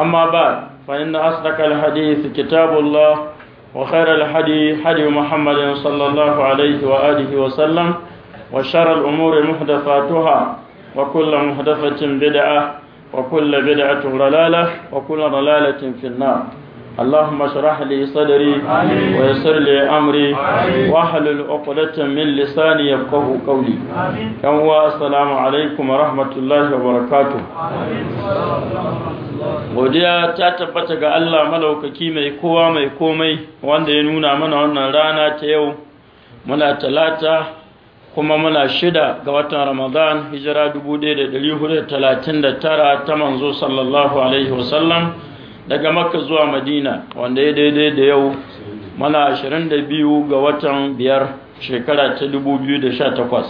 أما بعد فإن أصدق الحديث كتاب الله وخير الحديث حديث محمد صلى الله عليه وآله وسلم وشر الأمور محدثاتها وكل محدثة بدعة وكل بدعة ضلالة وكل ضلالة في النار اللهم اشرح لي صدري ويسر لي امري واحلل عقدة من لساني يفقهوا قولي كم السلام عليكم ورحمة الله وبركاته godiya ta tabbata ga Allah malaukaki mai kowa mai komai wanda ya nuna mana wannan rana ta yau muna talata kuma muna shida ga watan Ramadan hijira 1439 ta manzo sallallahu alaihi wasallam daga makka zuwa madina wanda ya daidai da yau mana 22 ga watan biyar shekara ta 2018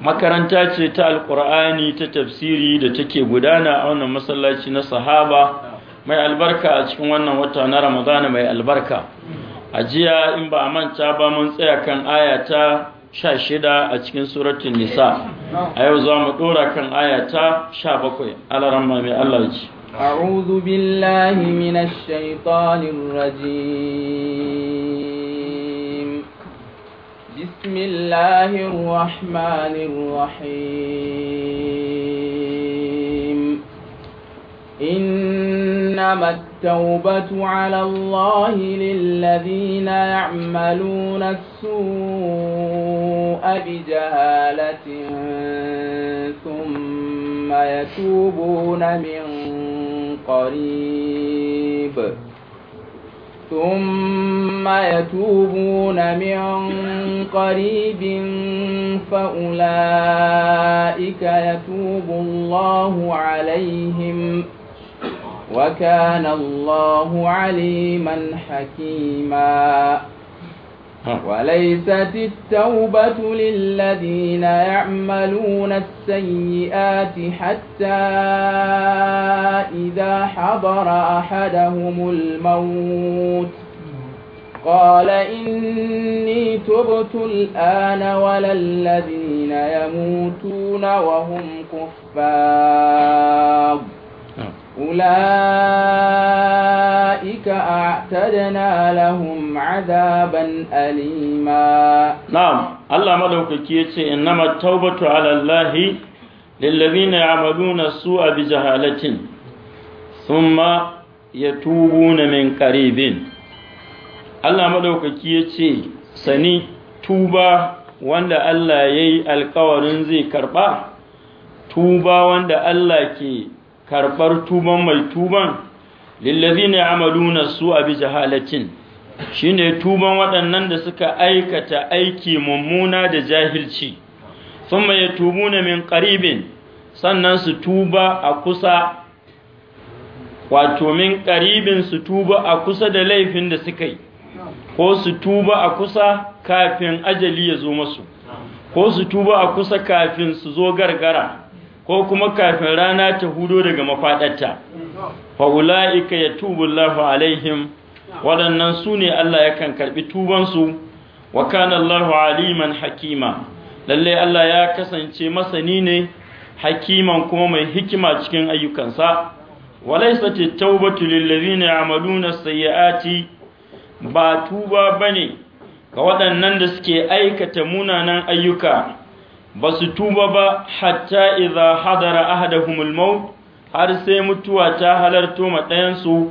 makaranta ce ta alkur'ani ta tafsiri da take gudana a wannan masallaci na sahaba mai albarka a cikin wannan wata na ramadana mai albarka a jiya in ba a manta ba mun tsaya kan aya ta sha shida a cikin suratun nisa a yau za mu ɗora kan aya ta sha bakwai mai allah ce." أعوذ بالله من الشيطان الرجيم بسم الله الرحمن الرحيم إنما التوبة على الله للذين يعملون السوء بجهالة ثم يتوبون من قريب ثم يتوبون من قريب فأولئك يتوب الله عليهم وكان الله عليما حكيما وليست التوبة للذين يعملون السيئات حتى إذا حضر أحدهم الموت قال إني تبت الآن ولا الذين يموتون وهم كفار Kulaa'ika a tadanalohun maza ban alima. Allah ma yace ya ce in nama ta'ubatu haƴar Allahi, lallami na Amadu na su a biji halartin, ya tuho na min ƙaribin. Allah ma ɗaukaki sani tuba wanda Allah yayi alkawarin zai karɓa, tuba wanda Allah ke. karɓar tuban mai tuban lillazina amaluna su abi jahalatin shine tuban waɗannan da suka aikata aiki mummuna da jahilci ya tubuna min qaribin sannan su tuba a kusa wato min qaribin su tuba a kusa da laifin da suka yi ko su tuba a kusa kafin ajali ya zo masu ko su tuba a kusa kafin su zo gargara ko kuma kafin rana ta hudo daga mafaɗarta fa'ula'ika ya tubullahu alaihim waɗannan su ne Allah ya yakan karɓi tubansu wa kana Allahu aliman hakima lalle Allah ya kasance masani ne hakiman kuma mai hikima cikin ayyukansa walaysat ta'uba taubatu lil ladina ya'maluna ba tuba bane ga waɗannan da suke aikata munanan ayyuka ba su tuba ba hatta idza hadara ahadahumul almaut har sai mutuwa ta halarto ma su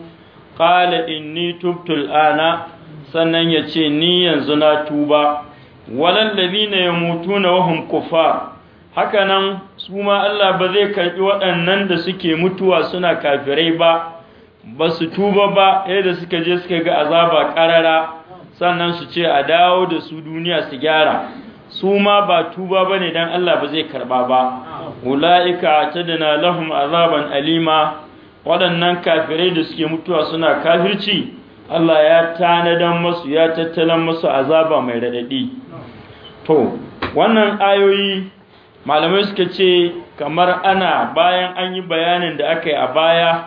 qala inni tubtu ana sannan yace ce ni yanzu na tuba walan ladina yamutuna wa hum kufar haka nan su ma Allah ba zai karbi waɗannan da suke mutuwa suna kafirai ba ba su tuba ba yadda suka je suka ga azaba ƙarara sannan su ce a dawo da su duniya su gyara su ma ba tuba ba ne dan Allah ba zai karba ba ulaika tadana lahum azaban alima waɗannan kafirai da suke mutuwa suna kafirci Allah ya tanadan masu ya tattalan masu azaba mai raɗaɗi. to wannan ayoyi malamai suka ce kamar ana bayan an yi bayanin da aka yi a baya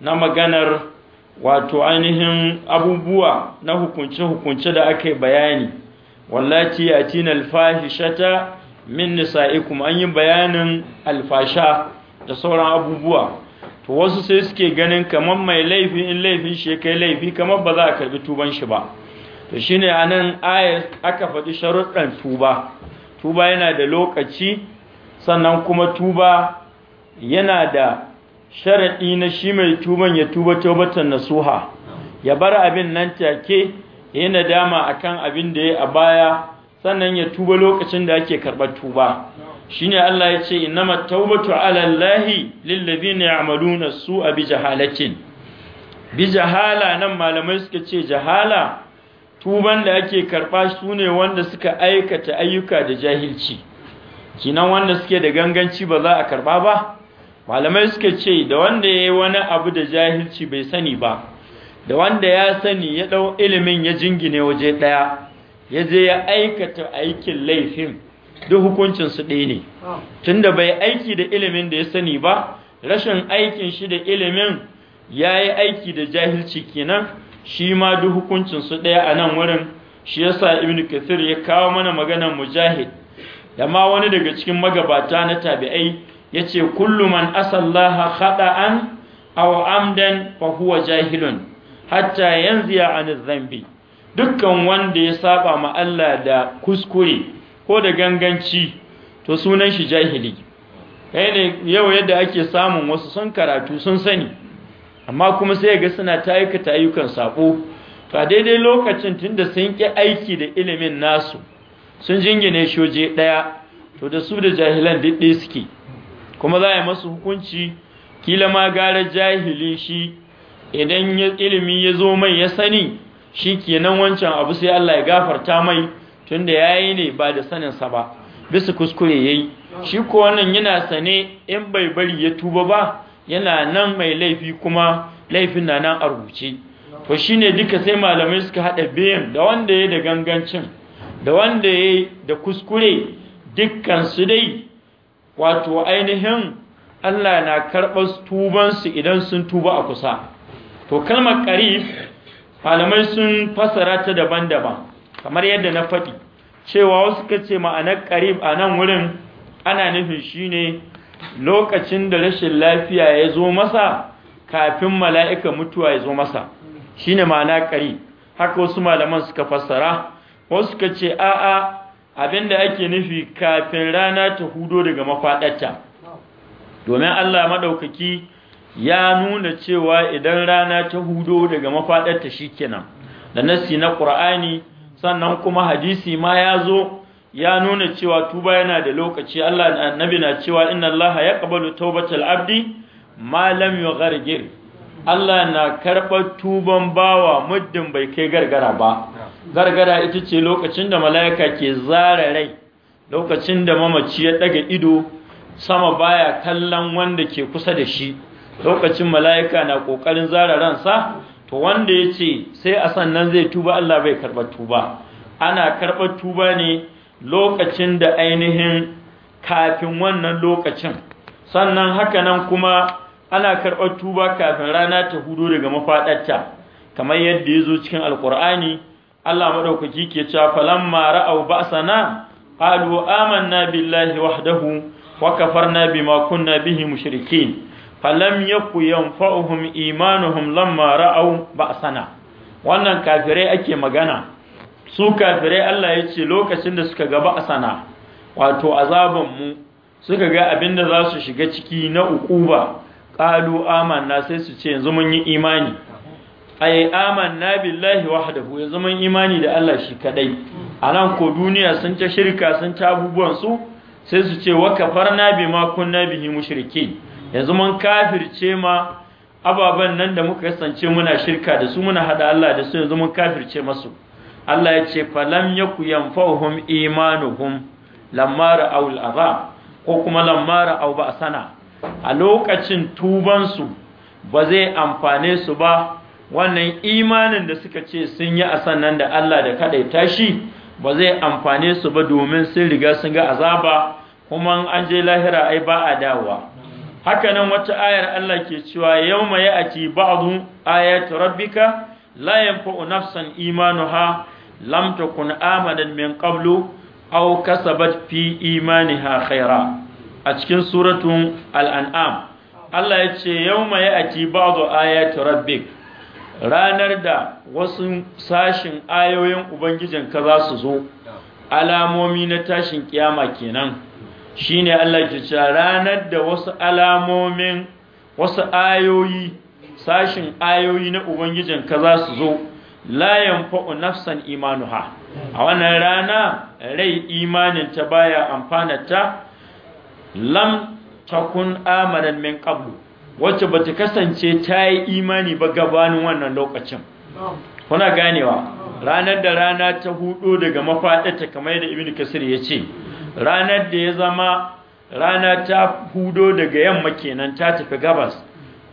na maganar wato ainihin abubuwa na hukunce-hukunce da aka yi bayani wallati tina alfahishata min nisa'ikum an yi bayanin alfasha da sauran abubuwa to wasu sai suke ganin kamar mai laifi in laifin shi kai laifi kamar ba za a karbi tuban shi ba to shine anan ayat aka faɗi sharuɗan tuba tuba yana da lokaci sannan kuma tuba yana da sharaɗi na shi mai tuban ya tuba taubatan nasuha ya bar abin nan take ya nadama a kan abin da ya a baya sannan ya tuba lokacin da ake karɓar tuba shine Allah ya ce innamat alallahi lillabi Allahi lillazina su a bi jahalakin. bi jahala nan malamai suka ce jahala tuban da ake karɓa su ne wanda suka aikata ayyuka da jahilci kinan wanda suke da ganganci ba za a karɓa ba malamai suka ce da wanda ya yi wani abu da jahilci bai sani ba da wanda ya sani ya ɗau ilimin ya jingine waje ɗaya ya je ya aikata aikin laifin duk hukuncinsu ɗaya ne tunda bai aiki da ilimin da ya sani ba rashin aikin shi da ilimin ya yi aiki da jahilci kenan shi ma duk hukuncinsu ɗaya a nan wurin shi ya sa ibn kathir ya kawo mana maganar mujahid da ma wani daga cikin magabata na tabi'ai ya ce "Kullum an asallaha khada'an aw amdan fa huwa jahilun hatta yanziya an zambi dukkan wanda ya saba ma Allah da kuskure ko da ganganci to sunan shi jahili kai ne yau yadda ake samun wasu sun karatu sun sani amma kuma sai ga suna ta ayyukan sabo to a daidai lokacin tunda sun ki aiki da ilimin nasu sun jingine shoje daya to da su da jahilan diddi suke kuma za a yi masu hukunci kila ma gara jahili shi idan ilimi ya zo mai ya sani shi kenan wancan abu sai Allah ya gafarta mai tunda yi ne ba da saninsa ba bisa kuskure ya yi. shi ko wannan yana sane in bai bari ya tuba ba yana nan mai laifi kuma laifin na nan a rubuce to ne duka sai malamai suka haɗa biyan da wanda ya yi da gangancin da wanda ya yi da kuskure dukkan su dai wato ainihin Allah na karɓar tubansu idan sun tuba a kusa to kalmar qarib malamai sun fasara ta daban-daban kamar yadda na faɗi cewa wasu suka ce ma'anar qarib a nan wurin ana nufin shine lokacin da rashin lafiya ya zo masa kafin mala'ika mutuwa ya zo masa shine ma'ana qarib haka wasu malaman suka fasara, wasu suka ce a'a abinda ake nufi kafin rana ta hudo daga mafaɗarta domin Allah maɗaukaki ya nuna cewa idan rana ta hudo daga ta shikenan da nassi na Qur'ani sannan kuma hadisi ma ya zo ya nuna cewa tuba yana da lokaci Allah annabi na cewa inna Allah yaqbalu tawbatal abdi ma lam yughargir Allah na karɓar tuban bawa muddin bai kai gargara ba gargara ita ce lokacin da mala'ika ke zara rai lokacin da mamaci ya daga ido sama baya kallon wanda ke kusa da shi lokacin mala'ika na ƙoƙarin zara ransa to wanda ya ce sai a sannan zai tuba Allah bai karɓa tuba ana karɓar tuba ne lokacin da ainihin kafin wannan lokacin sannan haka nan kuma ana karɓar tuba kafin rana ta hudu daga mafaɗarta kamar yadda ya zo cikin alkur'ani Allah maɗaukaki ke cewa falamma ra'au sana ƙalu amanna billahi wahdahu wa bi makon na bihi mushrikin falam yaku yanfa'uhum imanuhum lamma ra'aw ba'sana wannan kafirai ake magana su kafirai Allah ya ce lokacin da suka ga ba'sana wato azaban mu suka ga abinda za su shiga ciki na ukuba qalu amanna sai su ce yanzu mun yi imani ay amanna billahi wahdahu yanzu mun imani da Allah shi kadai anan ko duniya sun ta shirka sun ta abubuwan su sai su ce wa kafarna bima kunna bihi mushrikin yanzu mun kafirce ma ababen nan da muka kasance muna shirka da su muna hada Allah da su yanzu mun kafirce masu Allah ya ce falam yaku yanfa'uhum imanuhum lamma ra'aw al'azab ko kuma lamma ra'aw sana a lokacin tuban su ba zai amfane su ba wannan imanin da suka ce sun yi a sannan da Allah da kadai tashi, ba zai amfane su ba domin sun riga sun ga azaba kuma an je lahira ai ba a dawowa haka nan wata ayar Allah ke cewa yawma ati ba'du ayati rabbika la yanfa'u nafsan imanuha lam takun amadan min qablu aw kasabat fi imaniha khaira a cikin suratun al'an'am Allah ya ce yawma ati ba'du ayati rabbik ranar da wasu sashin ayoyin ubangijinka za su zo alamomi na tashin kiyama kenan shine Allah ke cewa ranar da wasu alamomin wasu ayoyi sashin ayoyi na ubangijin ka za su zo la yanfa'u nafsan imanuha a wannan rana rai imanin ta baya amfana ta lam takun amanan min qablu wacce bata kasance ta yi imani ba gabanin wannan lokacin kuna ganewa ranar da rana ta hudu daga mafaɗata kamar da ibnu kasir ya ce ranar da ya zama rana ta hudo daga yamma kenan ta tafi gabas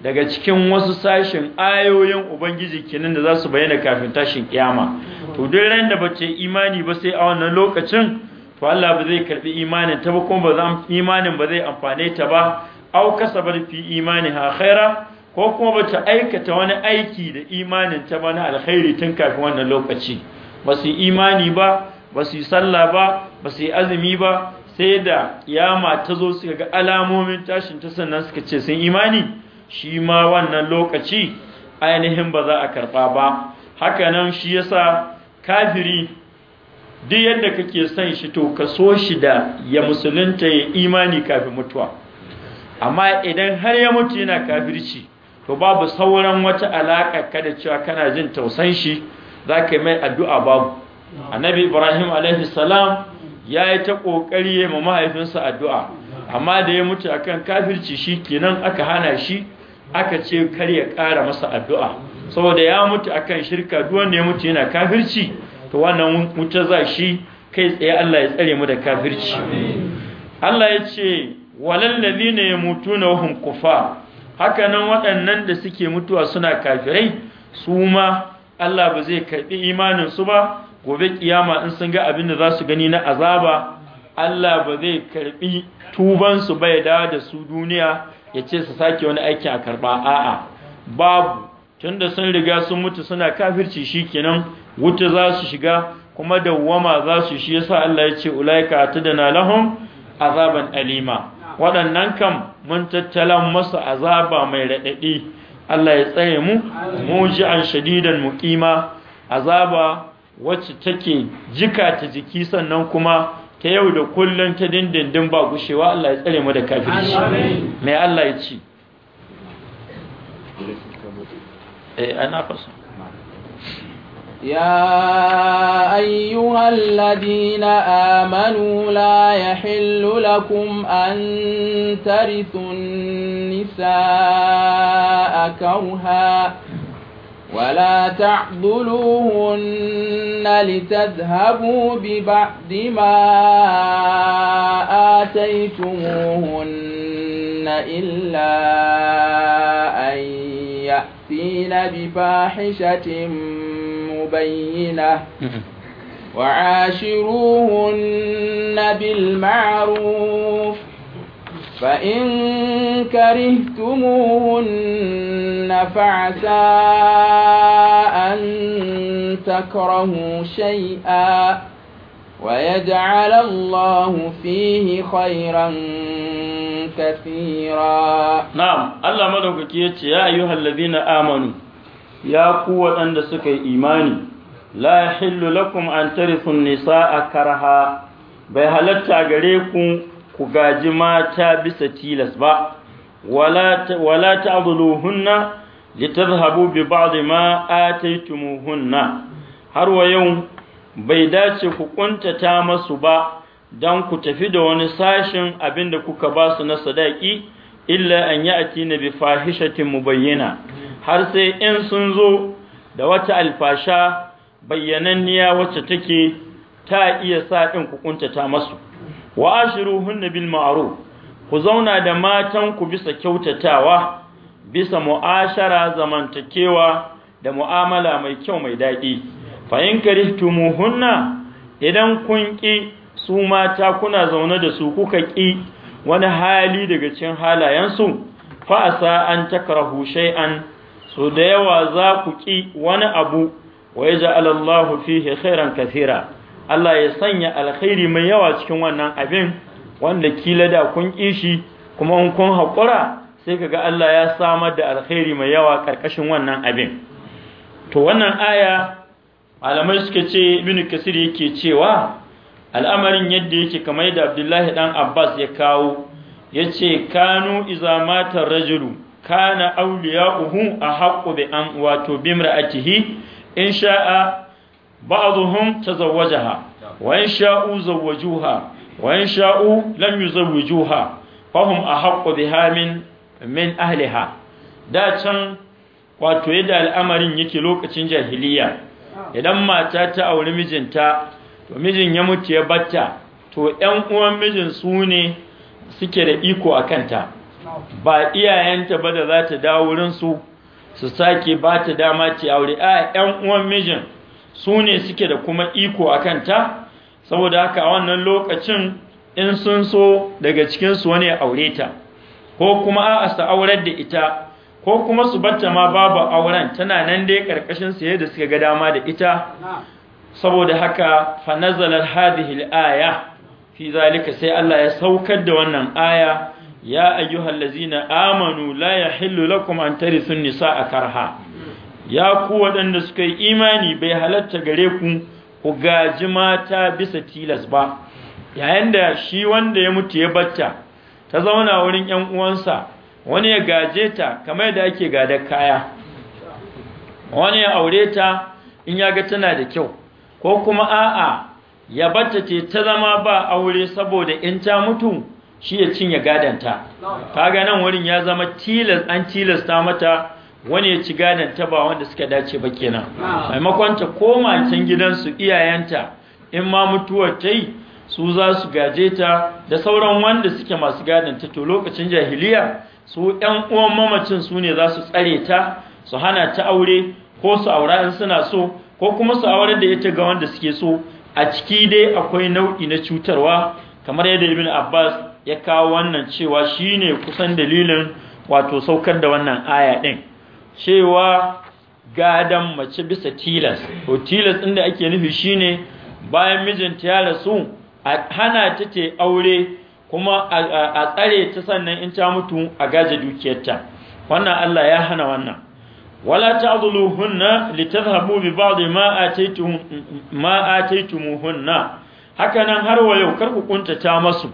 daga cikin wasu sashen ayoyin ubangiji kenan da za su bayyana kafin tashin kiyama to duk ran da bace imani ba sai a wannan lokacin to Allah ba zai karbi imanin ta ba kuma ba zan imanin ba zai amfane ta ba au kasabar fi ha khaira ko kuma bata aikata wani aiki da imanin ta ba na alkhairi tun kafin wannan lokaci ba su imani ba ba su yi sallah ba ba su yi azumi ba sai da yama ta zo suka ga alamomin tashin ta sannan suka ce sun imani shi ma wannan lokaci ainihin ba za a karba ba haka nan shi yasa kafiri duk yadda kake son shi to ka so shi da ya musulunta ya imani kafin mutuwa amma idan har ya mutu yana kafirci to babu sauran wata alaƙa kada cewa kana jin tausan shi za ka mai addu'a babu annabi ibrahim alaihi salam ya yi ta ƙoƙari ya ma mahaifinsa addu'a amma da ya mutu akan kafirci shi kenan aka hana shi aka ce kar ya ƙara masa addu'a saboda ya mutu akan shirka duk wanda ya mutu yana kafirci to wannan wuta za shi kai tsaye Allah ya tsare mu da kafirci Allah ya ce ne ya mutu na wahun kufa haka nan waɗannan da suke mutuwa suna kafirai su ma Allah ba zai karɓi imanin su ba gobe kiyama in sun ga abin da za su gani na azaba Allah ba zai karbi tubansu ba ya dawo da su duniya ya ce su sake wani aiki a karba a'a babu tunda sun riga sun mutu suna kafirci shikenan wuta za su shiga kuma da dawwama za su shi yasa Allah ya ce ulaika atadana lahum azaban alima waɗannan kam mun tattala musu azaba mai raɗaɗi Allah ya tsare mu mu ji an shadidan muqima azaba wacce take jika ta jiki sannan kuma ta yau da kullum ta dindindin ba gushewa Allah ya tsare mu da kafirci mai Allah ya ci eh ana fasa يا أيها الذين آمنوا لا يحل لكم أن ترثوا النساء كرها ولا تعضلوهن لتذهبوا ببعض ما آتيتموهن إلا أن يأتين بفاحشة مبينة وعاشروهن بالمعروف فإن كرهتموهن فعسى أن تكرهوا شيئا ويجعل الله فيه خيرا كثيرا نعم الله ملوك يا أيها الذين آمنوا يا قوة أن سكي إيماني لا يحل لكم أن ترثوا النساء كرها بهلتا غريكم ku gaji mata bisa tilas ba wala ta ta'dhuluhunna Habu bi ba'd ma ataytumuhunna har wa yau bai dace ku kuntata masu ba dan ku tafi da wani sashin abinda kuka ba su na sadaki illa an ya'ti na bi fahishatin bayyana. har sai in sun zo da wata alfasha bayyananniya wacce take ta iya sa din ku kuntata masu wa hunna bil ma'ruf ku zauna da matan ku bisa kyautatawa bisa mu'ashara zamantakewa da mu'amala mai kyau mai daɗi fa in hunna idan kun ki su mata kuna zaune da su kuka ki wani hali daga cikin halayensu fa asa an takrahu shay'an so da yawa za ku ki wani abu wa yaj'alallahu fihi khairan kathira Allah ya sanya alkhairi mai yawa cikin wannan abin wanda kila da kun kishi kuma in kun haƙura sai kaga Allah ya samar da alkhairi mai yawa ƙarƙashin wannan abin to wannan aya malamai suka ce ibn kasir yake cewa al'amarin yadda yake kamar da Abdullahi dan Abbas ya kawo yace kanu iza mata rajulu kana awliya'uhu a bi an wato bimra'atihi in sha'a ba'dhum tazawwajaha wa in sha'u zawwajuha wa in sha'u lam yuzawwijuha fahum ahaqqu biha min ahliha da can wato yadda al'amarin yake lokacin jahiliya idan mata ta auri mijinta to mijin ya mutu ya batta to ƴan uwan mijin su ne suke da iko a kanta ba iyayenta ba da za ta dawo wurin su su sake ba ta dama ce aure a ƴan uwan mijin su ne suke da kuma iko a kanta saboda haka a wannan lokacin in sun so daga cikinsu wani ya aure ta ko kuma a su aurar da ita ko kuma su batta ma babu auren tana nan dai karkashin saye da suka ga dama da ita saboda haka fanazalar nazalat hadhihi al-aya fi zalika sai Allah ya saukar da wannan aya ya ayyuhallazina amanu la yahillu lakum an tarithu an-nisaa karha ya ku waɗanda suka yi imani bai halatta gare ku ku gaji mata bisa tilas ba yayin da shi wanda ya mutu ya batta ta zauna wurin ‘yan uwansa wani ya gaje ta kamar da ake gada kaya wani ya aure ta in ya ga tana da kyau ko kuma a'a ya batta ce ta zama ba aure saboda in ta mutu shi ya cinye gadanta kaga nan wurin ya zama tilas an tilasta mata wani ya ci gadan ta wanda suka dace ba kenan ah. maimakon ta koma can gidansu iyayenta in ma mutuwar ta yi su za su gaje ta da sauran wanda suke masu gadon ta to lokacin jahiliya su ɗan uwan mamacin su ne za su tsare ta su hana ta aure ko su aura in suna so ko kuma su aure da ita ga wanda suke so a ciki dai akwai nau'i na cutarwa kamar yadda ibn abbas ya kawo wannan cewa shine kusan dalilin wato saukar da wannan aya ɗin cewa gadan mace bisa tilas to tilas ɗin da ake nufi shine bayan mijinta ya rasu a hana ta ce aure kuma a tsare ta sannan in ta mutu a gaje dukiyarta wannan Allah ya hana wannan wala ta'dhuluhunna litadhhabu bi ba'd ma ma'ataitu ma ataytumuhunna hakanan har wa yau kar ku kuntata masu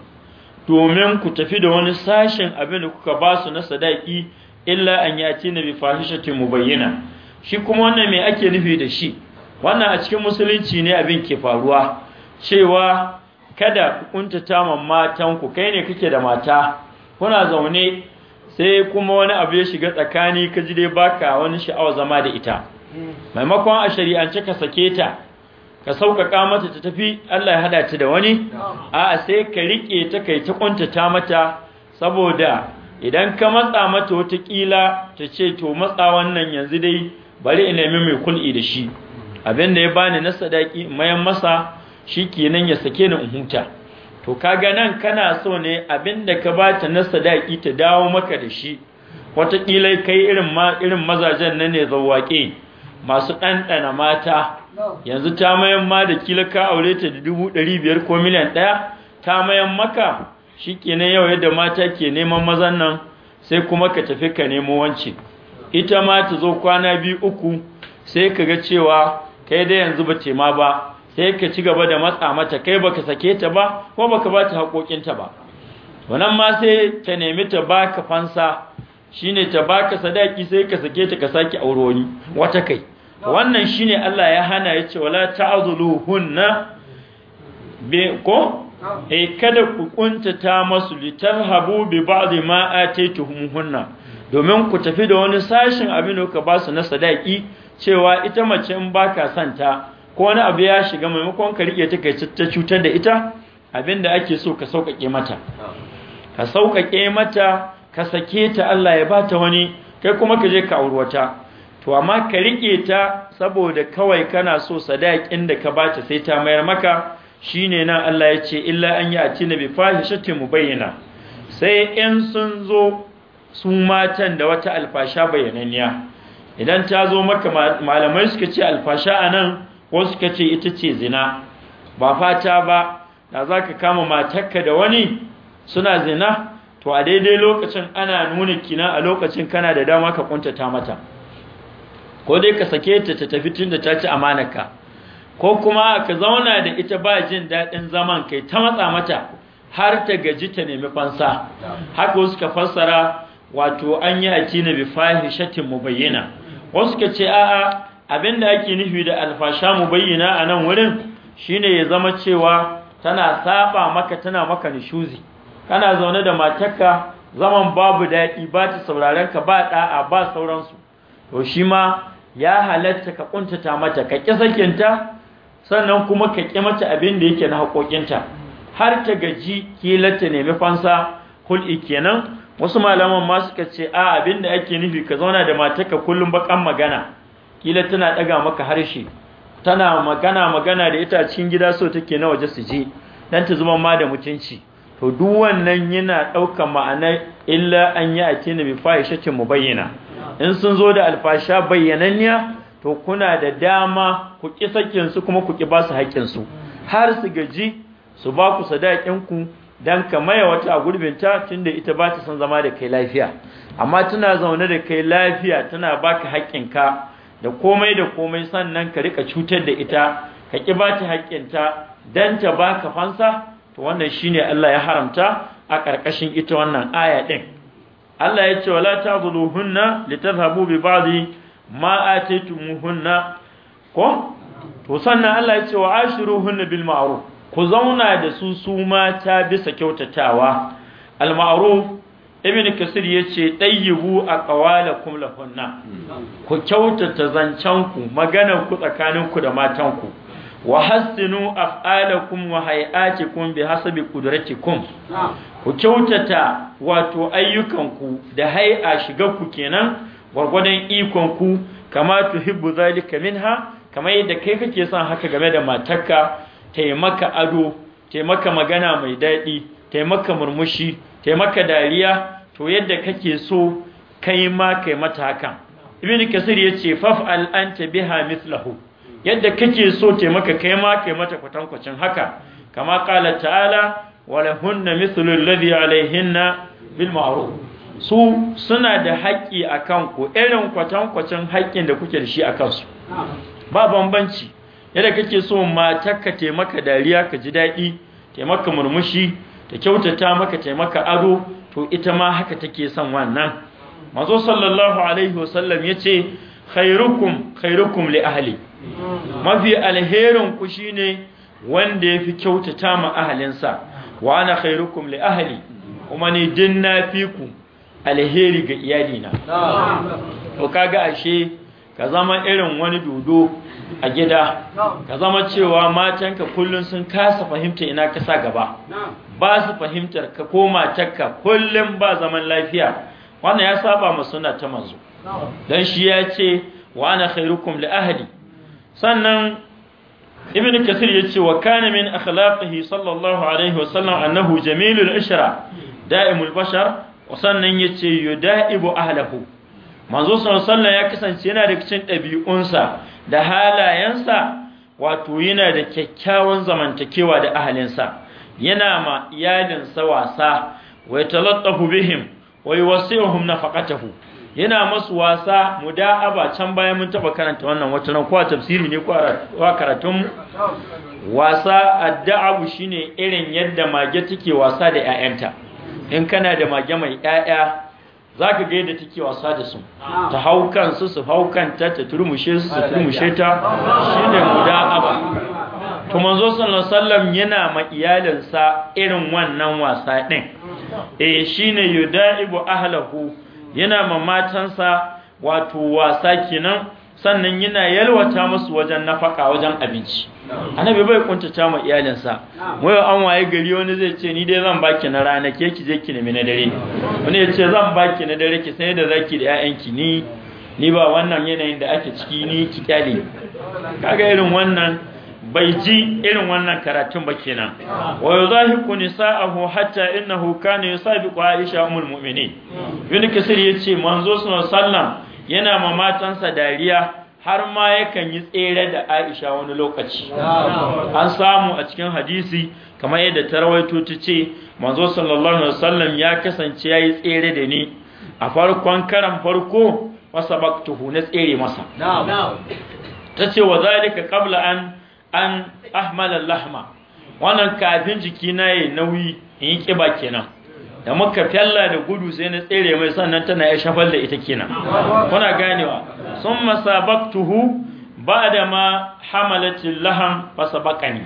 domin ku tafi da wani sashen abin da kuka basu na sadaki illa an yati na bi fahishatin bayyana. shi kuma wannan me ake nufi da shi wannan a cikin musulunci ne abin ke faruwa cewa kada ku kuntata ma matanku, kai ne kake da mata kuna zaune sai kuma wani abu ya shiga tsakani ka ji dai baka wani sha'awa zama da ita maimakon a shari'ance ka sake ta ka sauƙaƙa mata ta tafi Allah ya hada ta da wani A'a sai ka rike ta kai ta kuntata mata saboda idan ka matsa mata wataƙila ta ce to matsa wannan yanzu dai bari in nemi mai kul'i da shi abin da ya bani na sadaki mayan masa shi kenan ya sake ni in huta to kaga nan kana so ne abin da ka ba ta na sadaki ta dawo maka da shi wataƙila kai irin ma irin mazajen nan ne zawwaƙe masu ɗanɗana mata yanzu ta mayan ma da kila ka aure ta da dubu ɗari biyar ko miliyan ɗaya ta mayan maka shi kenan yau yadda mata ke neman mazan nan sai kuma ka tafi ka nemo wancin ita ma ta zo kwana biyu uku sai ka ga cewa kai da yanzu ba ma ba sai ka ci gaba da matsa mata kai baka sake ta ba ko baka ba ta haƙoƙinta ba wannan ma sai ta nemi ta baka fansa shine ta baka sadaki sai ka sake ta ka saki auroni wata kai wannan shine Allah ya hana ce wala ta'zuluhunna be ko eh kada ku ta masu litarhabu bi ba'd ma hunna domin ku tafi da wani sashin abin da ka ba su na sadaki cewa ita mace in baka santa ko wani abu ya shiga maimakon ka rike ta kai ta cutar da ita abin da ake so ka sauƙaƙe mata ka sauƙaƙe mata ka sake ta Allah ya bata wani kai kuma ka je ka aurwata to amma ka rike ta saboda kawai kana so sadakin da ka bata sai ta mayar maka Shi ne na Allah ya ce illa an yi a tina bi fahishatin bayyana. sai in sun zo su matan da wata alfasha bayananniya idan ta zo maka malamai suka ce alfasha a nan ko suka ce ita ce zina ba fata ba da ka kama matarka da wani suna zina to a daidai lokacin ana nuna kina a lokacin kana da dama ka kuntata mata ko dai ka sake ta ta tafi tunda ta ci ka. ko kuma ka zauna da ita ba jin daɗin zaman kai ta matsa mata har ta gaji ta nemi fansa haka suka fassara wato an yi atina bi fahishatin bayyana. wasu ka ce a'a da ake nufi da alfasha mu bayyana a nan wurin shine ya zama cewa tana saba maka tana maka nishuzi kana zaune da matarka zaman babu daɗi ba ta sauraren ka ba ɗa'a ba sauransu to shi ma ya halatta ka ƙuntata mata ka ƙi sakinta sannan kuma ka ƙi mata abin da yake na haƙoƙinta har ta gaji kila ta nemi fansa hul'i kenan wasu malaman ma suka ce a abin da ake nufi ka zauna da ka kullum bakan magana kila tana ɗaga maka harshe tana magana magana da ita cikin gida so take na waje su je dan ta zama ma da mutunci to duk wannan yana ɗaukar ma'anar illa an yi a bi mu bayyana in sun zo da alfasha bayyananniya to kuna da dama ku ƙi sakin su kuma ku ƙi ba su haƙƙin su har su gaji su ba ku sadakin ku dan ka maye wata a gurbinta tunda ita ba ta son zama da kai lafiya amma tana zaune da kai lafiya tana baka haƙƙinka da komai da komai sannan ka rika cutar da ita ka ƙi ba ta haƙƙinta dan ta baka fansa to wannan shine Allah ya haramta a ƙarƙashin ita wannan aya din Allah ya ce wala tazuluhunna litadhhabu bi ba'dhi ma ataytumuhunna ko to sannan Allah ya ce wa ashiruhunna bil ma'ruf ku zauna da su su mata bisa kyautatawa al ma'ruf ibn kasir yace dayyibu aqwalakum lahunna ku kyautata zancen ku maganar ku tsakanin ku da matan ku wa hassinu af'alakum wa hay'atikum bi hasabi qudratikum ku kyautata wato ayyukan ku da hay'a shiga ku kenan gwargwadon ikon ku kama tuhibbu zalika minha kamar yadda kai kake son haka game da matarka taimaka ado taimaka magana mai daɗi taimaka murmushi taimaka dariya to yadda kake so kai ma kai mata hakan ibnu kasir yace faf'al anta biha mithluhu yadda kake so taimaka kai ma kai mata kwatankwacin haka kama qala ta'ala walahunna mithlu alladhi alayhinna bil ma'ruf su suna da haƙƙi a kanku irin kwatankwacin haƙƙin da kuke da shi a kansu ba bambanci yadda kake so ka taimaka dariya ka ji daɗi taimaka murmushi ta kyautata maka taimaka ado to ita ma haka take son wannan mazo sallallahu alaihi wasallam ya ce khairukum khairukum li ahli mafi alherin ku shine wanda ya fi kyautata ma ahalinsa wa ana khairukum li ahli kuma ni din na fi ku alheri ga iyalina to kaga ashe ka zama irin wani dodo a gida ka zama cewa matanka kullun sun kasa fahimta ina ka sa gaba ba su fahimtar ka ko ka kullum ba zaman lafiya wannan ya saba ma suna ta manzo dan shi ya ce wa ana khairukum li ahli sannan ibn kasir ya ce wa kana min akhlaqihi sallallahu alaihi wa sallam, annahu jamilul ishra da'imul bashar sannan yace yuda'ibu ahlahu manzo sallallahu ya kasance yana da cikin ɗabi'unsa da halayensa wato yana da kyakkyawan zamantakewa da ahalinsa yana ma iyalinsa wasa wai Wai bihim wa yuwassi'uhum nafaqatahu yana masu wasa muda'aba can bayan mun taba karanta wannan wata nan kwa tafsiri ne kowa karatun wasa adda'abu shine irin yadda mage take wasa da 'ya'yanta in kana da mage mai ƴaƴa ka ga yadda take wasa da su ta hau kansu su hau kanta ta turmushe su su turmushe ta guda muda'aba to manzo sallallahu alaihi wasallam yana ma iyalinsa irin wannan wasa din eh shine yuda'ibu ahlahu yana ma matansa wato wasa kenan sannan yana yalwata musu wajen nafaka wajen abinci annabi bai kuntata ma iyalinsa wai an waye gari wani zai ce ni dai zan baki na rana ke ki je ki nemi na dare wani ya ce zan baki na dare ki sai da zaki da ƴaƴanki ni ni ba wannan yanayin da ake ciki ni ki kyale kaga irin wannan bai ji irin wannan karatun ba kenan wa yuzahiqu nisa'ahu hatta innahu kana yusabiqu Aisha ummul mu'minin yunki sir yace manzo sallallahu alaihi wasallam yana ma matansa dariya har ma yakan yi tsere da Aisha wani lokaci an samu a cikin hadisi kamar yadda ta rawaito ta ce manzo sallallahu alaihi wasallam ya kasance yayi tsere da ni a farkon karan farko wasabaqtuhu na tsere masa Ta ce wa zalika qabla an an ahmala lahma wannan kafin jikina yayi nauyi in yi kiba kenan da muka fyalla da gudu sai na tsere mai sannan tana ya shafar da ita kenan kuna ganewa sun masabaktuhu ba da ma hamalacin laham fasabakani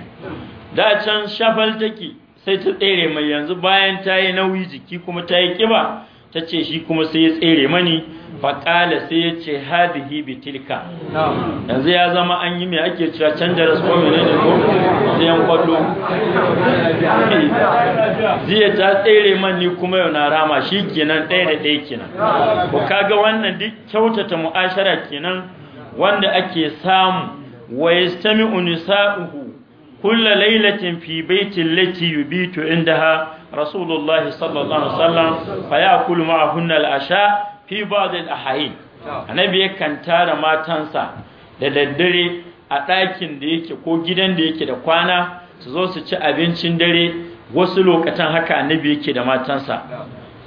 da can shafar take sai ta tsere mai yanzu bayan ta yi nauyi jiki kuma ta yi kiba ta ce shi kuma sai ya tsere mani faƙala sai ya ce hadihi bi tilka yanzu ya zama an yi mai ake cewa canja da suwa mene ne ko sai yan kwallo zai ta tsere mani kuma yau na rama shi kenan ɗaya da ɗaya kenan ko kaga wannan duk kyautata mu'ashara kenan wanda ake samu wa yastami'u nisa'uhu kulla lailatin fi baitin lati yubitu indaha rasulullahi sallallahu alaihi wasallam fa ya'kulu ma'ahunna al-asha fi ba'd al-ahayin annabi yakan tara matansa da daddare a ɗakin da yake ko gidan da yake da kwana su zo su ci abincin dare wasu lokacin haka annabi yake da matansa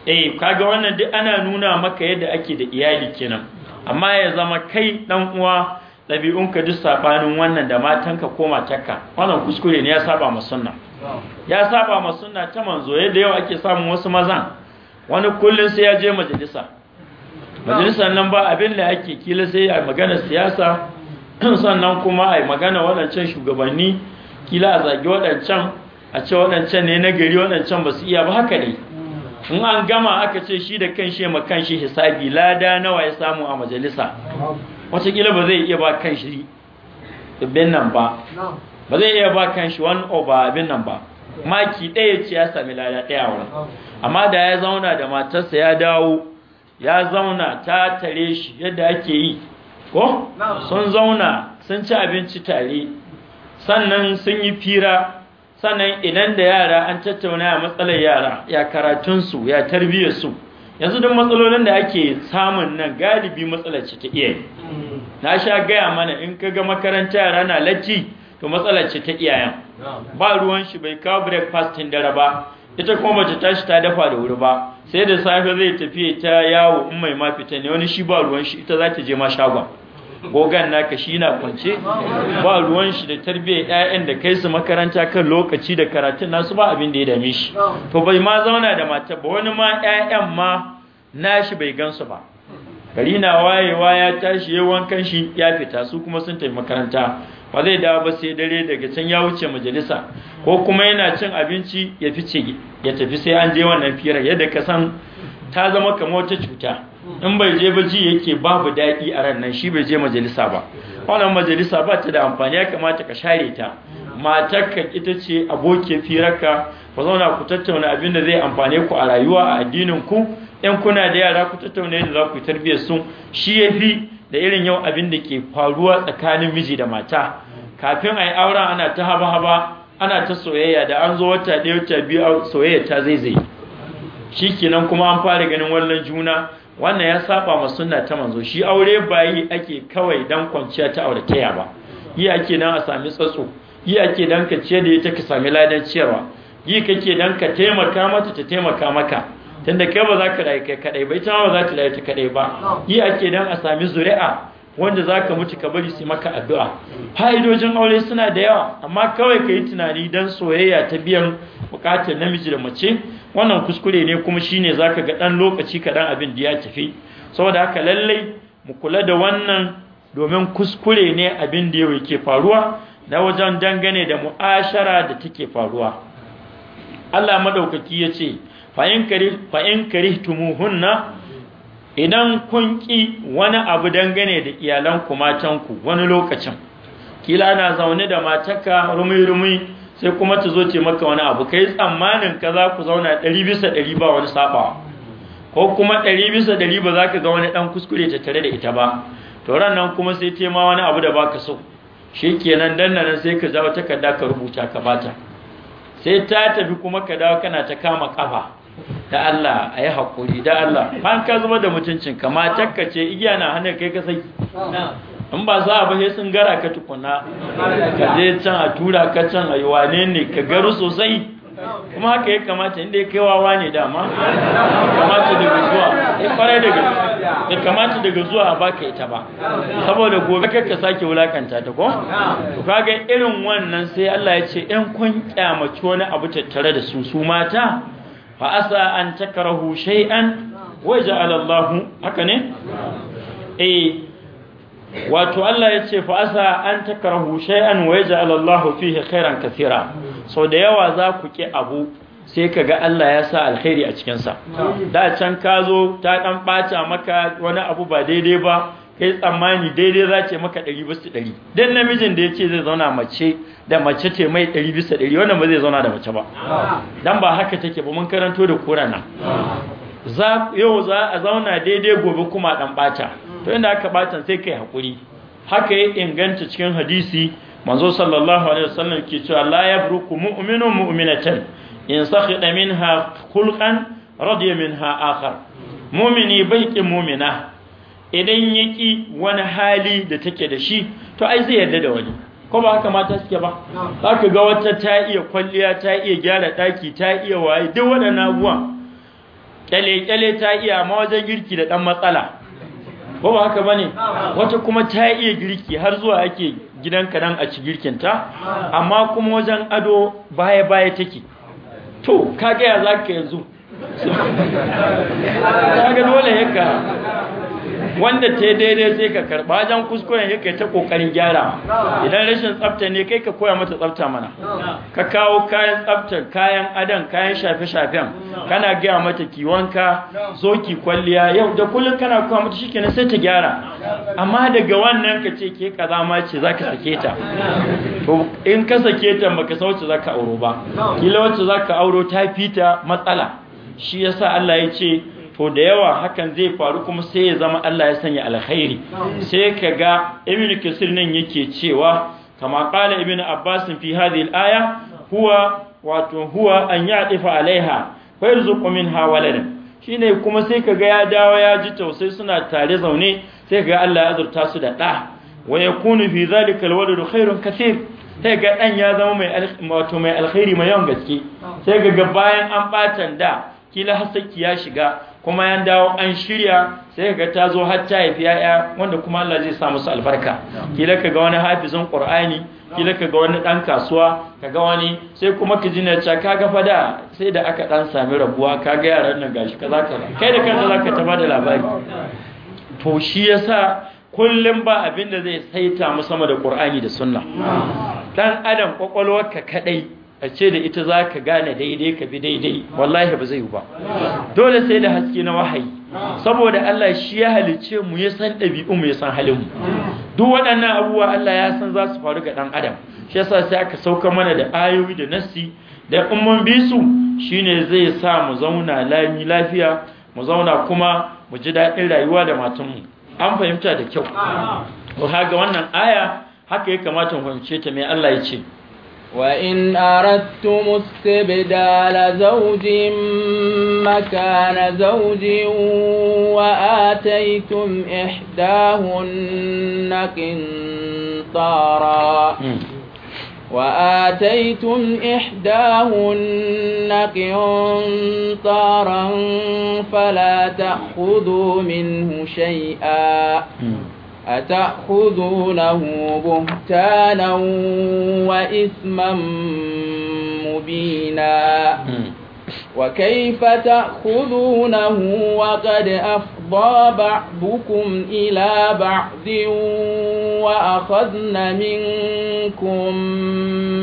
eh ga wannan duk ana nuna maka yadda ake da iyali kenan amma ya zama kai dan uwa ɗabi'unka duk sabanin wannan da matanka ko matarka wannan kuskure ne ya saba ma sunna ya saba ma sunna ta manzo yadda yau ake samun wasu mazan wani kullun sai ya je majalisa majalisar nan ba abin da ake kila sai a magana siyasa sannan kuma a magana waɗancan shugabanni kila a zagi waɗancan a ce waɗancan ne na gari waɗancan ba su iya ba haka ne in an gama aka ce shi da kan ma kanshi shi hisabi lada nawa ya samu a majalisa watakila ba zai iya ba kan shi bin nan ba ba zai iya ba kanshi shi wani oba abin nan ba maki ɗaya ce ya sami lada ɗaya amma da ya zauna da matarsa ya dawo ya zauna ta tare shi yadda ake yi ko sun zauna sun ci abinci tare sannan sun yi fira sannan idan da yara an tattauna a matsalar yara ya karatunsu ya su, yanzu duk matsalolin da ake samun nan galibi matsalar ce ta iya hmm. na sha gaya mana in ka ga makaranta yara na lati to matsalar ce ta iyayen ba ruwan shi bai kawo breakfast din dare ba ita kuma mace tashi ta dafa da wuri ba sai da safe zai tafi ta yawo in mai ma fita ne wani shi ba ruwan shi ita za ta je ma shagon gogan naka shi na kwance ba ruwan shi da tarbiyyar ƴaƴan da kai su makaranta kan lokaci da karatun nasu ba abin da ya dame shi to bai ma zauna da mata ba wani ma ƴaƴan ma nashi bai gansu ba gari na wayewa ya tashi ya wankan shi ya fita su kuma sun tafi makaranta ba zai dawo ba sai dare daga can ya wuce majalisa ko kuma yana cin abinci ya fice ya tafi sai an je wannan firar yadda ka san ta zama kamar wata cuta in bai je ba ji yake babu daɗi a ran shi bai je majalisa ba wannan majalisa ba ta da amfani ya kamata ka share ta matarka ita ce abokin firarka ku zauna ku tattauna abin da zai amfane ku a rayuwa a addinin ku in kuna da yara ku tattauna yadda za ku yi tarbiyyar su shi ya fi da irin yau abin da ke faruwa tsakanin miji da mata kafin a yi auren ana ta haba-haba ana ta soyayya da an zo wata ɗaya wata biyu soyayya ta zaizaye shi kenan kuma an fara ganin wannan juna wannan ya saba ma suna ta manzo shi aure ba yi ake kawai dan kwanciya ta aurataya ba yi ake dan a sami tsatso yi ake dan ka ciyar da ita ka sami ladan ciyarwa yi kake dan ka taimaka mata ta taimaka maka tunda kai ba za ka rayu kai kadai ba ita ba za ta rayu ta kadai ba yi ake dan a sami zuri'a wanda za ka mutu ka bari su maka addu'a fa'idojin aure suna da yawa amma kawai ka yi tunani don soyayya ta biyan bukatar namiji da mace wannan kuskure ne kuma shine za ka ga ɗan lokaci kaɗan abin da ya tafi saboda haka lallai mu kula da wannan domin kuskure ne abin da yau yake faruwa na wajen dangane da mu'ashara da take faruwa Allah madaukaki ya ce fa'in karihtumuhunna idan kun ƙi wani abu dangane da iyalanku matanku wani lokacin kila na zaune da mataka rumi-rumi sai kuma ta zo ce maka wani abu kai tsammanin ka za ku zauna ɗari bisa ɗari ba wani saɓawa ko kuma ɗari bisa ɗari ba za ka ga wani ɗan kuskure ta tare da ita ba to rannan kuma sai ma wani abu da baka so shi kenan dan nan sai ka zama takarda ka rubuta ka bata sai ta tafi kuma ka dawo kana ta kama kafa da Allah a yi haƙuri da Allah ban ka zuba da mutuncin kama takka ce igiya na hannun kai ka sai in ba za a ba sai sun gara ka tukuna ka je can a tura ka can a yi wane ne ka garu sosai kuma haka ya kamata inda ya kai wawa ne dama kamata daga zuwa ya fara daga ya kamata daga zuwa a baka ita ba saboda gobe kakka sake wulakanta ta ko Ka kaga irin wannan sai Allah ya ce in kun kyamaci wani abu tattare da su su mata fa an takarahu shay'an wa ja'ala Allah haka ne eh wato Allah ya ce fa'asa an takarahu shay'an wa yaj'al Allahu fihi khairan kathira so da yawa za ku ki abu sai ka ga Allah ya sa alkhairi a cikin sa da can ka zo ta dan bata maka wani abu ba daidai ba kai tsammani daidai za ce maka 100 su 100 dan namijin da ya ce zai zauna mace da mace ce mai ɗari bisa ɗari, wannan ba zai zauna da mace ba dan ba haka take ba mun karanto da korana za yau za a zauna daidai gobe kuma dan bata to inda aka bata sai kai hakuri haka ya inganta cikin hadisi manzo sallallahu alaihi wasallam ke cewa la yabruku mu'minun mu'minatan in sakhida minha khulqan radiya minha akhar mu'mini baikin mu'mina idan yaki wani hali da take da shi to ai zai yarda da wani ko ba haka mata suke ba za ka ga wata ta iya kwalliya ta iya gyara ɗaki ta iya waye duk waɗannan abuwa kyale-kyale ta iya ma wajen girki da ɗan matsala ko ba haka bane wata kuma ta iya girki har zuwa ake gidanka nan a ci ta amma kuma wajen ado baya-baya take to ka gaya za ka yanzu ga dole yaka wanda ta daidai sai ka karba jan kuskuren yake ta kokarin gyara idan rashin tsafta ne kai ka koya mata tsafta mana ka kawo kayan tsafta, kayan adan kayan shafe-shafen kana gaya mata kiwanka zo ki kwalliya yau da kullum kana koya mata kenan sai ta gyara amma daga wannan ka ce ke kaza ma ce zaka sake ta to in ka sake ta baka sauce za zaka auro ba kila wacce ka auro ta fita matsala shi yasa Allah ya ce to da yawa hakan zai faru kuma sai ya zama Allah ya sanya alkhairi sai ka ga ibn kasir nan yake cewa kama qala ibn abbas fi hadhihi al-aya huwa wato huwa an ya'tifa alaiha fa yarzuqu minha waladan shine kuma sai kaga ya dawo ya ji tausayi suna tare zaune sai kaga Allah ya azurta su da da wa yakunu fi zalika alwaladu khairun kathir sai ga dan ya zama mai wato mai alkhairi mai yawan gaske sai ga bayan an batan da kila hasaki ya shiga kuma yan dawo an shirya sai ga ta zo har ta haifi yaya wanda kuma Allah zai sa musu albarka kila ka ga wani hafizin Qur'ani kila ka ga wani dan kasuwa ka ga wani sai kuma ka ji ka ga fada sai da aka dan sami rabuwa ka ga yaran nan gashi kaza ka kai da kanka zaka ta bada labari to shi yasa kullum ba abinda zai saita mu sama da Qur'ani da Sunna dan adam kwakwalwarka kadai a ce da ita za ka gane daidai ka bi daidai wallahi ba zai ba dole sai da haske na wahayi saboda Allah shi ya halice mu ya san ɗabi'u mu ya san halin mu duk waɗannan abubuwa Allah ya san za su faru ga ɗan adam shi yasa sai aka sauka mana da ayoyi da nassi da in mun bi su shine zai sa mu zauna lami lafiya mu zauna kuma mu ji daɗin rayuwa da matanmu an fahimta da kyau to ga wannan aya haka ya kamata mu fahimce ta me Allah ya ce وإن أردتم استبدال زوج مكان زوج وآتيتم إحداهن قنطارا وآتيتم إحداهن قنطارا فلا تأخذوا منه شيئا أتأخذونه بهتانا وإثما مبينا وكيف تأخذونه وقد أفضى بعضكم إلى بعض وأخذن منكم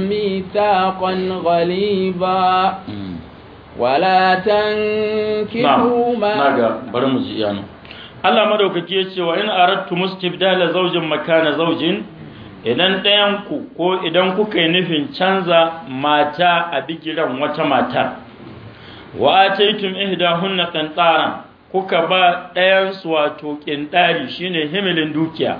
ميثاقا غليظا ولا تنكحوا ما نعم نعم برمجي يعني Allah madaukaki yace wa in aradtum mustibdala zawjin makana zawjin idan ɗayan ku ko idan kuka yi nufin canza mata a bigiran wata mata wa ataitum ihdahunna qantara kuka ba ɗayan su wato kindari shine himilin dukiya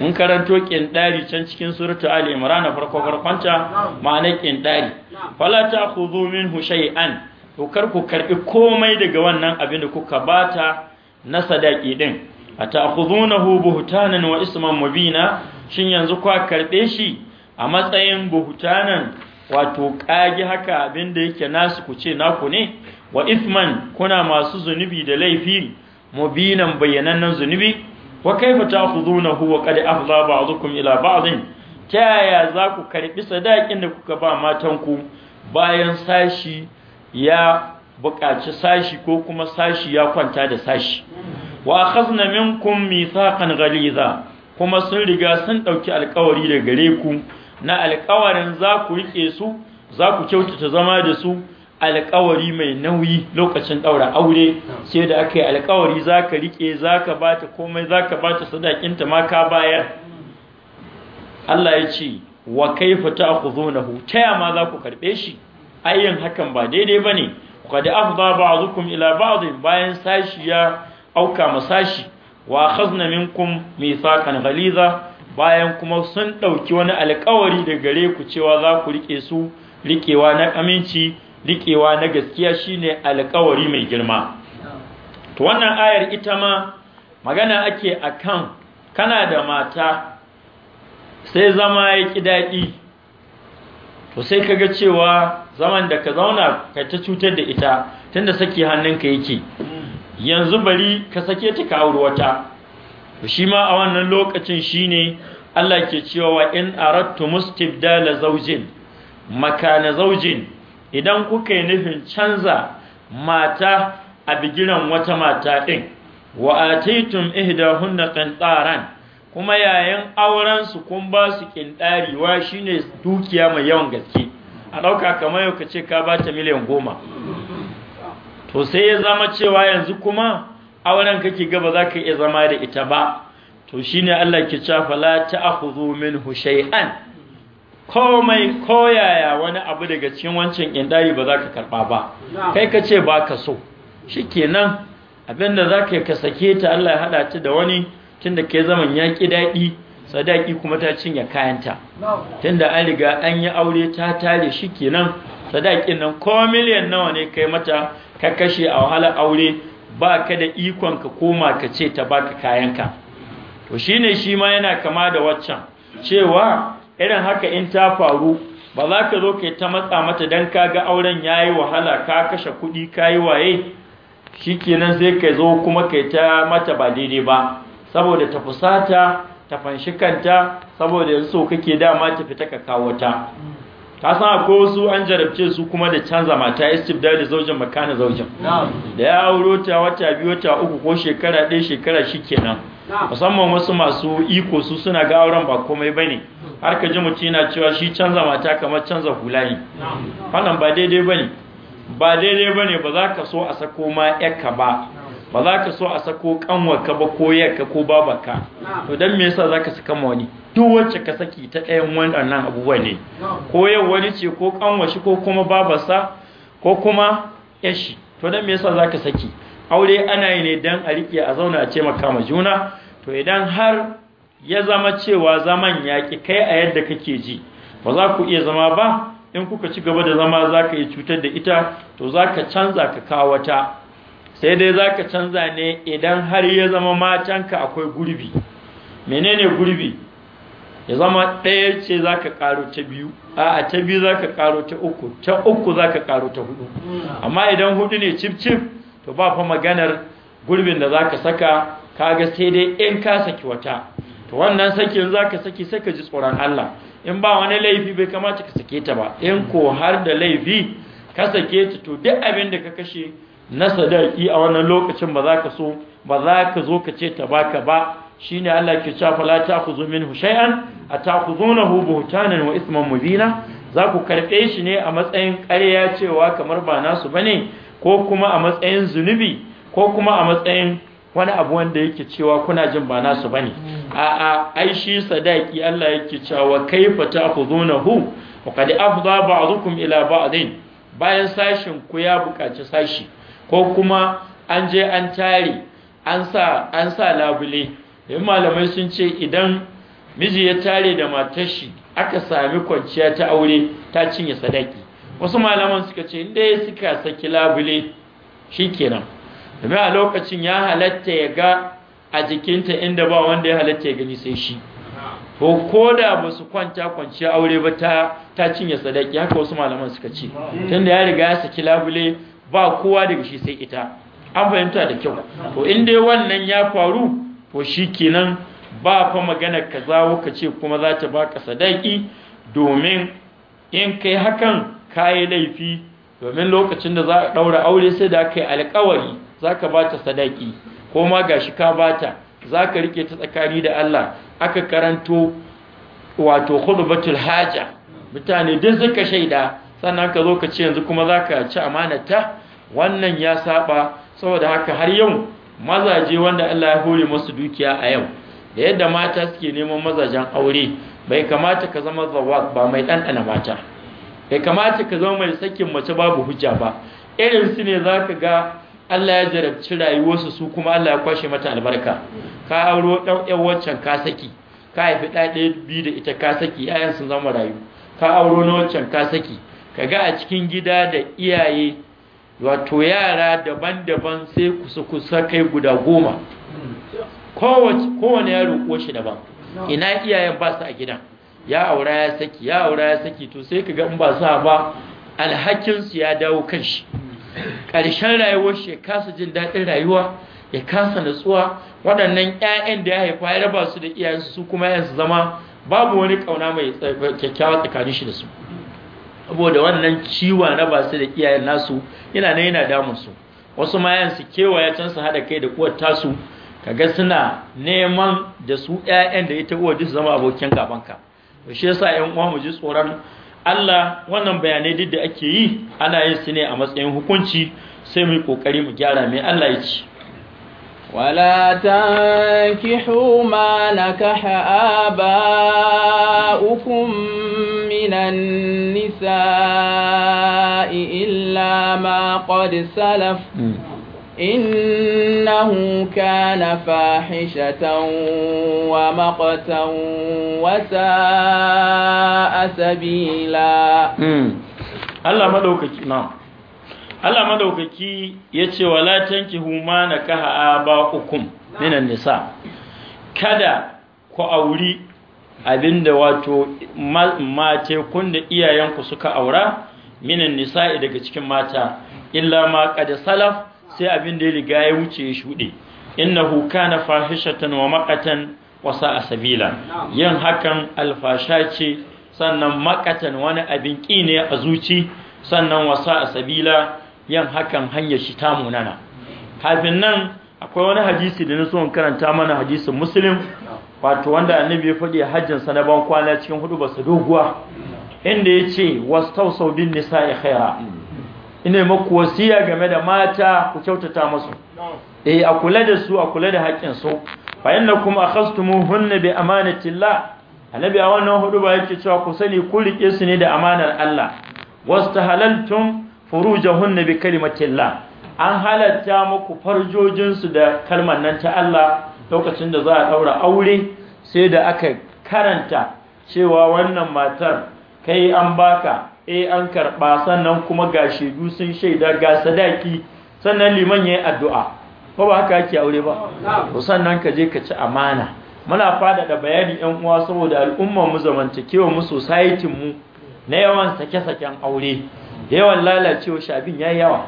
mun karanto kindari can cikin suratu ali imran farko farkonta ma'anar kindari fala khudhu minhu shay'an to kar ku karbi komai daga wannan abin da kuka bata na sadaki din ata'khudunahu buhtanan wa isman mubina shin yanzu kwa karbe shi a matsayin buhtanan wato kage haka abinda yake nasu ku ce naku ne wa isman kuna masu zunubi da laifi mubinan bayyanannen zunubi wa kaifa ta'khudunahu wa qad afdha ba'dukum ila ba'din ta yaya za ku karbi sadakin da kuka ba matanku bayan sashi ya buƙaci sashi ko kuma sashi ya kwanta da sashi wa akhazna minkum mithaqan ghaliza kuma sun riga sun dauki alƙawari da gare ku na alƙawarin za ku rike su za ku kyautata zama da su alƙawari mai nauyi lokacin ɗaura aure sai da aka yi alƙawari za ka riƙe za ka ba ta komai za ka ba ta sadakinta ma ka bayar Allah ya ce wa kaifa ta ku zo na ta ma za ku karɓe shi ayin hakan ba daidai ba ne ba afda ba'dukum ila ba'd bayan sashi ya auka masashi wa akhazna minkum mithaqan ghaliza bayan kuma sun ɗauki wani alƙawari da gare ku cewa za ku rike su riƙewa na aminci riƙewa na gaskiya shine alƙawari mai girma to wannan ayar ita ma magana ake akan kana da mata sai zama ya ki daɗi to sai kaga cewa zaman da ka zauna ka ta cutar da ita tunda saki hannunka yake yanzu bari ka sake ta kawo wata shi ma a wannan lokacin shine Allah ke cewa in aradtu mustibdala zawjin makana zawjin idan kuka yi nufin canza mata a bigiran wata mata din wa ataitum ihdahunna qintaran kuma yayin auren kun ba su kintari shine dukiya mai yawan gaske a ɗauka kamar yau ka ce ka ba ta miliyan goma to sai ya zama cewa yanzu kuma auren kake gaba za ka iya zama da ita ba to shi ne Allah ke cafa la ta'khudhu minhu ko komai koyaya wani abu daga cikin wancan indari ba za ka karɓa ba kai ka ce ba ka so Shi ke nan, abinda za ka ka sake ta Allah ya haɗa ta da wani tunda kai zaman ya ƙi daɗi sadaki kuma ta cinye kayanta tunda an riga an yi aure ta tare shi kenan sadakin nan ko miliyan nawa ne kai mata ka kashe a wahalar aure ba ka da ikon ka koma ka ce ta baka kayanka to shine shi ma yana kama da waccan cewa irin haka in ta faru ba za ka zo kai ta matsa mata dan ka ga auren yayi wahala ka kashe kuɗi kayi waye shi shikenan sai ka zo kuma kai ta mata ba daidai ba saboda ta fusata ta fanshi kanta saboda yanzu so kake dama ta fita ka kawo ta ka san akwai wasu an jarabce su kuma da canza mata da zaujin makana zaujin da ya wuro ta wata biyu wata uku ko shekara ɗaya shekara shi shikenan musamman wasu masu iko su suna ga auren ba komai bane har ka ji mutum yana cewa shi canza mata kamar canza hula ne wannan ba daidai bane ba daidai bane ba za ka so a sako ma ƴaka ba ba za ka so a sako kanwarka ba ko yarka ko babarka to dan me yasa zaka saka ma wani duk wacce ka saki ta ɗayan wannan abubuwa ne ko yau wani ce ko kanwashi ko kuma babarsa ko kuma yashi to dan me yasa zaka saki aure ana yi ne dan a riƙe a zauna a ce maka ma juna to idan har ya zama cewa zaman yaƙi kai a yadda kake ji ba za ku iya zama ba in kuka ci gaba da zama za ka yi cutar da ita to za ka canza ka kawata. sai dai zaka canza ne idan har ya zama matanka akwai gurbi menene gurbi ya zama ɗaya ce zaka karo ta biyu a ta biyu zaka karo ta uku ta uku zaka karo ta hudu amma idan hudu ne cif cif to ba fa maganar gurbin da zaka saka Ka ga sai dai in ka saki wata to wannan sakin ka saki sai ka ji tsoron Allah in ba wani laifi bai kamata ka sake ta ba in ko har da laifi ka sake ta to duk abin da ka kashe na sadaki a wannan lokacin ba za ka so ba za ka zo ka ce ta baka ba shine Allah ke cewa fala khuzu minhu shay'an atakhuzunahu buhtanan wa isman mubina za ku karbe shi ne a matsayin ƙarya cewa kamar ba nasu bane ko kuma a matsayin zunubi ko kuma a matsayin wani abu wanda yake cewa kuna jin ba nasu bane a a ai shi sadaki Allah yake cewa kaifa ta'khudhunahu wa qad afdha ba'dukum ila ba'din bayan sashin ku ya buƙaci sashi ko kuma an je an tare an sa labule yin malamai sun ce idan miji ya tare da matar shi aka sami kwanciya ta aure ta cinye sadaki wasu malaman suka ce inda ya suka saki labule shikenan domin a lokacin ya halatta ya ga a jikinta inda ba wanda ya halatta ya gani sai shi ko da ba su kwanta kwanciya aure ba ta ta cinye sadaki haka wasu malaman suka ce tunda ya riga ya saki labule ba kowa daga shi sai ita an fahimta da kyau to in dai wannan ya faru to shikenan ba fa magana ka zawo ka ce kuma za ta baka sadaki domin in kai hakan kayi laifi domin lokacin da za ka ɗaura aure sai da kai alƙawari za ka ba ta sadaki ko ma gashi ka ba ta za ka rike ta tsakani da Allah aka karanto wato khutbatul haja mutane duk suka shaida sannan ka zo ka ce yanzu kuma za ka ci amanata wannan ya saba saboda haka har yau mazaje wanda Allah ya hore masu dukiya a yau da yadda mata suke neman mazajen aure bai kamata ka zama zawak ba mai ɗanɗana mata bai kamata ka zama mai sakin mace babu hujja ba irin su ne za ka ga Allah ya jarabci rayuwarsu su kuma Allah ya kwashe mata albarka ka auro ɗan ƴan waccan ka saki ka haifi ɗaya biyu da ita ka saki 'ya'yan sun zama rayu ka auro na waccan ka saki Ka ga a cikin gida da iyaye wato yara daban-daban sai kusa-kusa kai guda goma kowane yaro ko shi daban ina iyayen ba su a gidan ya aura ya saki ya aura ya saki to sai kaga in ba sa ba alhakinsu ya dawo kan shi ƙarshen rayuwar shi ya kasa jin daɗin rayuwa ya kasa nutsuwa? waɗannan 'ya'yan da ya haifa ya raba su da iyayensu su kuma 'yansu zama babu wani ƙauna mai kyakkyawa tsakanin shi da su saboda wannan ciwa na ba su da iyayen nasu yana ne yana damun su wasu mayan su kewaya can su hada kai da kuwar tasu kaga suna neman da su ƴaƴan da ita uwa duk zama abokin gabanka to shi yasa ƴan uwa mu ji tsoron Allah wannan bayanai duk da ake yi ana yin su ne a matsayin hukunci sai mu yi kokari mu gyara mai Allah ya ci ولا تنكحوا ما نكح آباؤكم من النساء إلا ما قد سلف إنه كان فاحشة ومقتا وساء سبيلا الله مدوكك نعم Allah madaukaki ya ce na tankihu ma nakaha minan nisa kada ku auri abinda wato mace kunda iyayenku suka aura minan nisa'i daga cikin mata illa ma qad salaf sai abinda ya riga ya wuce ya shude innahu kana fahishatan wa maqatan wa sa'a sabila yin hakan alfasha ce sannan maqatan wani abin ƙi ne a zuci sannan wa sa'a sabila yin hakan hanyar shi ta munana kafin nan akwai wani hadisi da na so karanta mana hadisin muslim wato wanda annabi ya faɗi hajjin sa na ban kwana cikin hudu su doguwa inda yace wastawsaw bin nisa'i khaira ina maku wasiya game da mata ku kyautata musu eh a kula da su a kula da haƙƙin su fa akhastumu hunna bi llah annabi a wannan hudu ba yake cewa ku sani ku rike su ne da amanar Allah wastahalaltum furujahunna bi llah an halatta muku farjojin su da kalmar nan ta Allah lokacin da za a ɗaura aure sai da aka karanta cewa wannan matar kai an baka eh an karɓa sannan kuma ga shedu sun shaida ga sadaki sannan liman yayin addu'a ko ba haka yake aure ba to sannan ka je ka ci amana muna da bayani 'yan uwa saboda al'ummar mu zamantakewa mu society mu na yawan sake-saken aure da yawan lalacewa shabin yayi yawa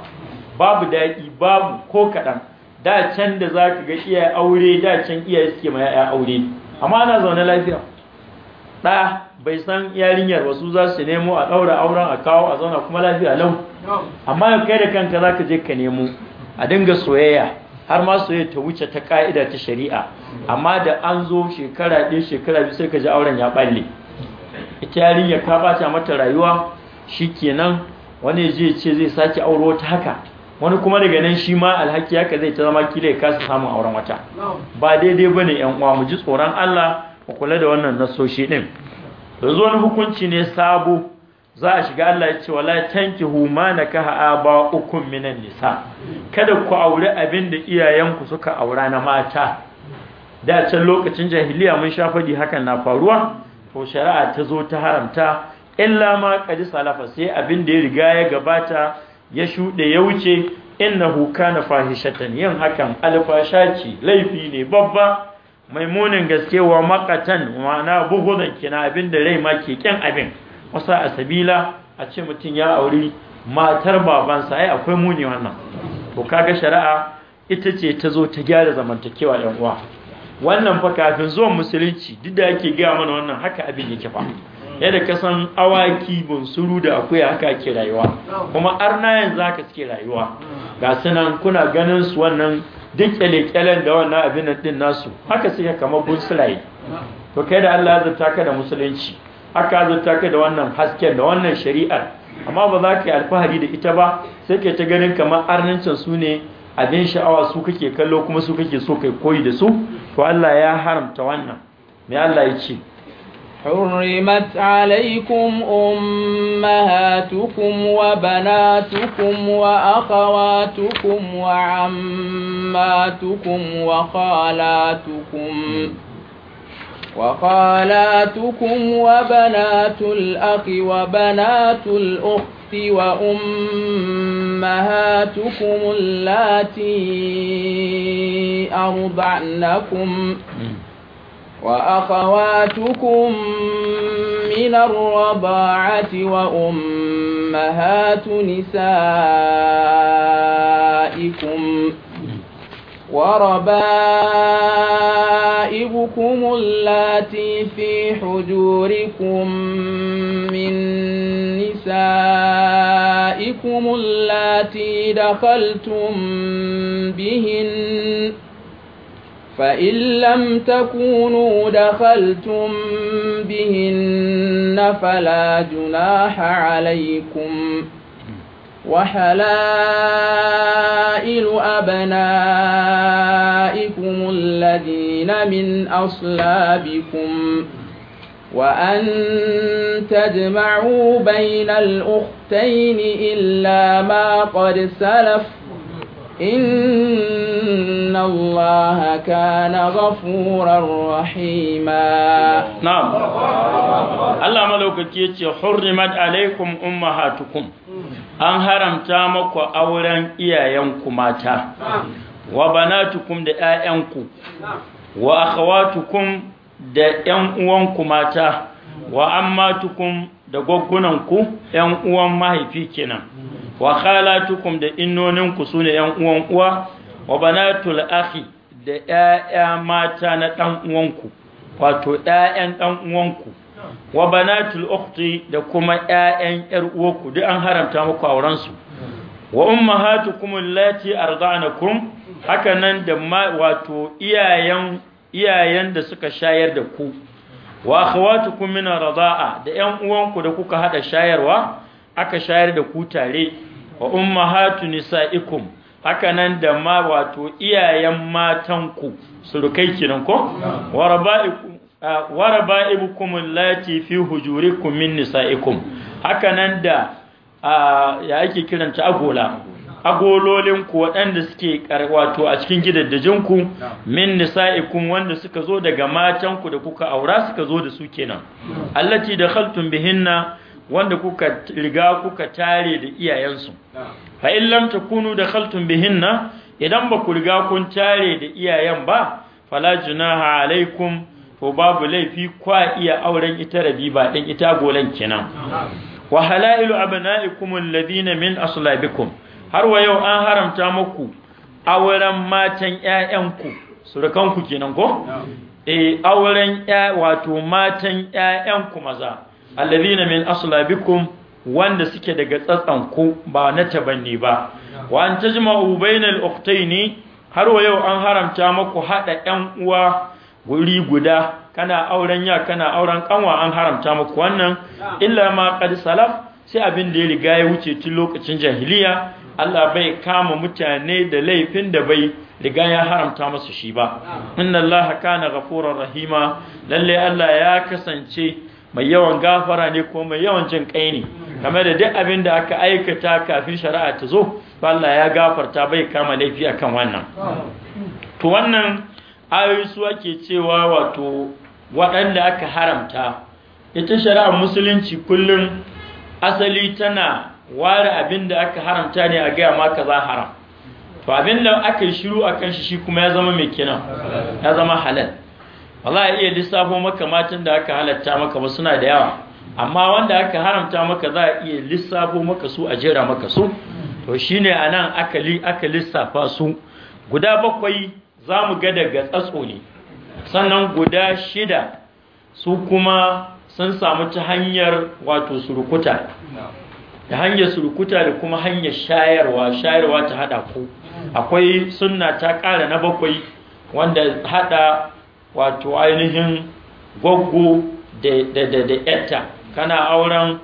babu daɗi babu ko kaɗan da can da za ka ga iyaye aure da can iyaye suke ma ya'ya aure amma ana zaune lafiya Da bai san yarinyar wasu za su nemo a ɗaura auren a kawo a zauna kuma lafiya lau amma kai da kanka za ka je ka nemo a dinga soyayya har ma soyayya ta wuce ta ka'ida ta shari'a amma da an zo shekara ɗaya shekara biyu sai ka ji auren ya balle ita yarinyar ka ɓata mata rayuwa shi kenan wani je ce zai sake auro ta haka wani kuma daga nan shi ma alhaki haka zai ta zama kila ya kasa samun auren wata ba daidai ba ne yan uwa mu ji tsoron Allah mu kula da wannan nasoshi din yanzu wani hukunci ne sabo za a shiga Allah ya ce wala na ma nakaha ukun minan nisa kada ku aure abin da iyayenku suka aura na mata da can lokacin jahiliya mun sha fadi hakan na faruwa to shari'a ta zo ta haramta illa ma qad salafa sai abin da ya riga ya gabata ya shuɗe ya wuce huka na fahishatan yin hakan alfashaci laifi ne babba maimunin gaske wa makatan ma'ana bugunan kina abin da rai ma ke kyan abin wasa a sabila a ce mutum ya auri matar babansa ai akwai muni wannan to kaga shari'a ita ce ta zo ta gyara zamantakewa ɗan uwa wannan fa kafin zuwan musulunci duk da ake gaya mana wannan haka abin yake fa yadda ka san awaki bunsuru da akwai haka ke rayuwa kuma arna yanzu haka suke rayuwa ga sunan kuna ganin su wannan duk kyale-kyalen da wannan abin din nasu haka suke kama bunsulaye to kai da Allah zai zata da musulunci haka zai taka da wannan hasken da wannan shari'ar amma ba za ka yi alfahari da ita ba sai ka ta ganin kamar arnancin su ne abin sha'awa su kake kallo kuma su kake so kai koyi da su to Allah ya haramta wannan me Allah ya ce حرمت عليكم أمهاتكم وبناتكم وأخواتكم وعماتكم وخالاتكم وخالاتكم وبنات الأخ وبنات الأخت وأمهاتكم اللاتي أرضعنكم ۖ وأخواتكم من الرضاعة وأمهات نسائكم وربائبكم التي في حجوركم من نسائكم التي دخلتم بهن فإن لم تكونوا دخلتم بهن فلا جناح عليكم وحلائل أبنائكم الذين من أصلابكم وأن تجمعوا بين الأختين إلا ما قد سلف إن الله كان غفورا رحيما نعم الله ملوك كيتي حرمت عليكم أمهاتكم أن هرمتا مكو أولا إيا ينكماتا ماتا وبناتكم دا آيانكو وأخواتكم da ‘yan uwanku mata, wa an matukum da gwaggunanku ‘yan uwan mahaifi kenan. wa khalatukum da innoninku su ne ‘yan uwan uwa wa banatul akhi da ‘ya'ya mata na ɗan uwanku wato ‘ya'yan ɗan uwanku wa banatul ukhti da kuma ‘ya'yan ‘yar uwanku duk an haramta muku aurensu wa ummahatukum allati arda'nakum haka nan da wato iyayen da suka shayar da ku wa akhawatukum min rada'a da ‘yan uwanku da kuka haɗa shayarwa aka shayar da ku tare wa ummahatu nisaikum hakanan da ma wato iyayen matanku surukai kenan ko warabaikum warabaikum allati fi hujurikum nisaikum hakanan da ya ake kiranta agola agololin ku waɗanda suke wato a cikin gidaddajin ku min nisaikum wanda suka zo daga matanku da kuka aura suka zo da su kenan allati dakhaltum bihinna wanda kuka riga kuka tare da iyayensu fa illam da takunu dakhaltum bihinna idan ba ku riga kun tare da iyayen ba fala junaha alaikum fa babu laifi kwa iya auren ita ba dan ita golan kenan wa halailu abnaikum alladhina min aslabikum har wa yau an haramta muku auren matan ƴaƴanku ku kenan ko eh auren wato matan ƴaƴanku maza alladhina min aslabikum wanda suke daga tsatsan ku ba na tabanni ba wa an tajma'u bainal ukhtaini har wa yau an haramta maku hada ƴan uwa guri guda kana auren ya kana auren kanwa an haramta maku wannan illa ma qad salaf sai abin da ya riga ya wuce tun lokacin jahiliya Allah bai kama mutane da laifin da bai riga ya haramta musu shi ba inna Allah kana ghafurur rahima lalle Allah ya kasance mai yawan gafara ne ko mai yawan jin kai ne kamar da duk abin da aka aikata kafin shari'a ta zo Allah ya gafarta bai kama laifi akan wannan to wannan ayoyi su ake cewa wato waɗanda aka haramta ita shari'ar musulunci kullum asali tana ware abin da aka haramta ne a gaya ma kaza haram to abin da aka yi shiru akan shi shi kuma ya zama mai kenan ya zama halal za a iya lissafo maka matan da aka halatta maka ba suna da yawa amma wanda aka haramta maka za a iya lissafo maka su a jera maka su to shine anan aka aka lissafa su guda bakwai zamu ga daga tsatso ne sannan guda shida su kuma sun samu ta hanyar wato surukuta da hanyar surukuta da kuma hanyar shayarwa shayarwa ta hada ku akwai sunna ta ƙara na bakwai wanda hada wato ainihin goggo da yatta kana auren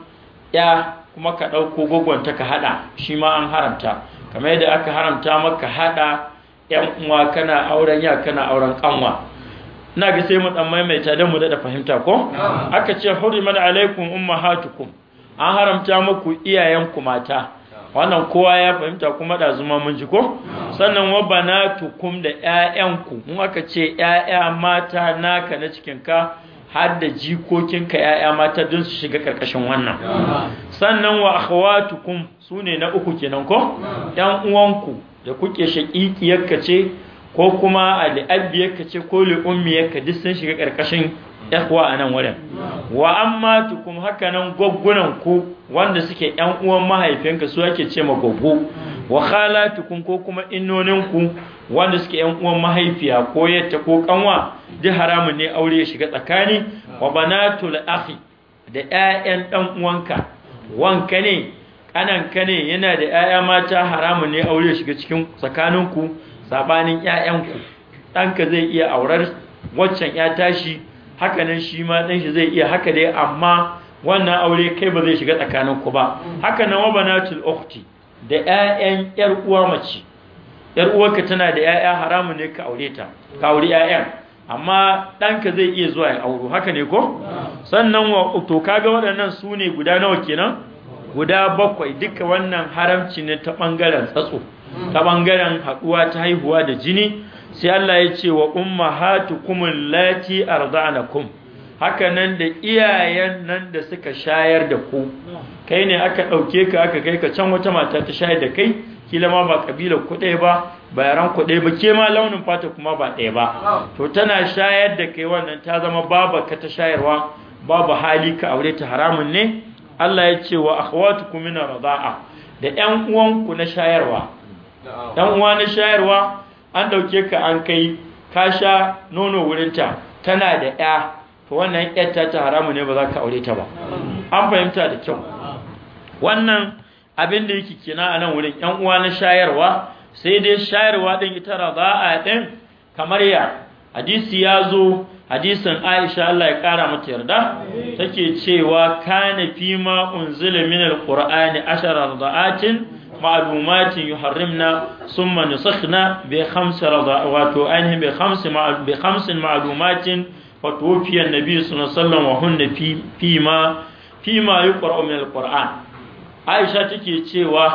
ya kuma ka ɗauko ta ka haɗa shi ma an haramta kamar yadda aka haramta maka haɗa yan uwa kana auren ya kana auren kanwa ina ga sai mu ɗan maimaita don mu daɗa fahimta ko aka ce mana, alaikum Umma ummahatukum an haramta muku iyayenku mata wannan kowa ya fahimta kuma da zuma mun ji ko sannan wa banatukum da ƴaƴanku mun aka ce ƴaƴa mata naka na cikin ka har da jikokinka ƴaƴa mata don su shiga karkashin wannan sannan wa akhawatukum sune na uku kenan ko ƴan uwanku da kuke ka ce ko kuma a li'abiyarka ce ko li'ummiyarka duk sun shiga ƙarƙashin ƴakwa a nan wurin wa amma tukum haka nan gwaggunan ku wanda suke ƴan uwan mahaifinka su ake ce ma gwaggo wa khalatukum ko kuma innonin ku wanda suke ƴan uwan mahaifiya ko yatta ko kanwa duk haramun ne aure ya shiga tsakani wa banatul akhi da ƴaƴan dan uwanka wanka ne kananka ne yana da ƴaƴa mata haramun ne aure ya shiga cikin tsakaninku sabanin ƴaƴanku ɗanka zai iya aurar waccan ya tashi haka nan shi ma ɗan shi zai iya haka dai amma wannan aure kai ba zai shiga ku ba haka nan wa banatul ukhti da ƴaƴan ƴar uwa mace ƴar uwarka tana da ƴaƴa haramun ne ka aure ta ka aure ƴaƴan amma ɗanka zai iya zuwa ya auro haka ne ko sannan wa to kaga waɗannan su ne guda nawa kenan guda bakwai duka wannan haramci ne ta ɓangaren tsatso ta bangaren haduwa ta haihuwa da jini sai Allah ya ce wa ummahatukum lati arda'anakum haka nan da iyayen nan da suka shayar da ku kai ne aka ɗauke ka aka kai ka can wata mata ta shayar da kai kila ma ba kabilar ku ɗaya ba bayaran ku ɗaya ba ke ma launin fata kuma ba ɗaya ba to tana shayar da kai wannan ta zama baba ka ta shayarwa babu hali ka aure ta haramun ne Allah ya ce wa akhwatukum min radaa da ƴan uwanku na shayarwa dan uwa na shayarwa an ɗauke ka an kai ka sha nono wurinta tana da ya to wannan yar ta haramu ne ba za ka aure ta ba an fahimta da kyau wannan abin da yake kina a nan wurin yan uwa na shayarwa sai dai shayarwa din ita raza'a din kamar ya hadisi ya zo hadisin Aisha Allah ya kara mata yarda take cewa kana fima unzila min alqur'ani ashara rada'atin معلومات يحرمنا ثم نسخنا بخمس رضا وتؤنه بخمس مع... بخمس معلومات وتوفي النبي صلى الله عليه وسلم وهن في فيما فيما يقرأ من القرآن عائشة تكي تشيوا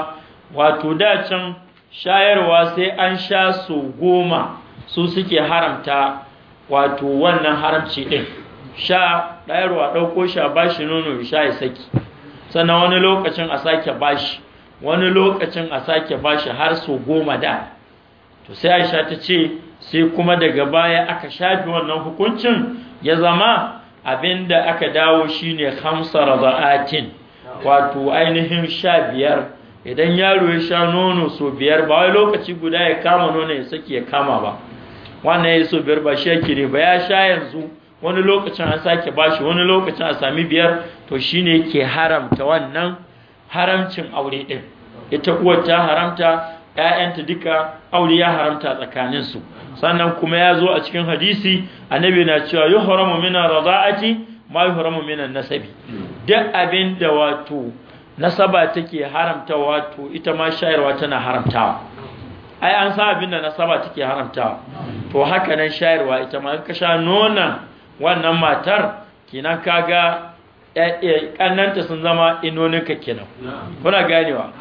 واتو داتن شاير واسي an sha su goma su suke haramta wato wannan haramci ɗin sha ɗayarwa ɗauko sha bashi nono sha ya saki sannan wani lokacin a sake bashi wani lokacin a sake bashi har so goma da to sai aisha ta ce sai kuma daga baya aka shafi wannan hukuncin ya zama abinda aka dawo shine khamsa rada'atin wato ainihin sha biyar idan yaro ya sha nono so biyar ba wai lokaci guda ya kama nono ya sake ya kama ba wannan ya so biyar ba shi yake ne ba ya sha yanzu wani lokacin a sake bashi wani lokacin a sami biyar to shine ke haramta wannan haramcin aure ɗin ita uwar ta haramta ‘ya'yanta duka aure ya haramta tsakaninsu sannan kuma ya zo a cikin hadisi annabi na cewa yi haramu minan raza'ati ma yi haramu minan nasabi duk abin da wato nasaba take haramta wato ita ma shayarwa tana haramtawa ai an sa abin da nasaba take haramtawa to haka nan shayarwa ita ma ka sha nonon wannan matar kinan kaga ƙannanta sun zama inonuka kenan kuna ganewa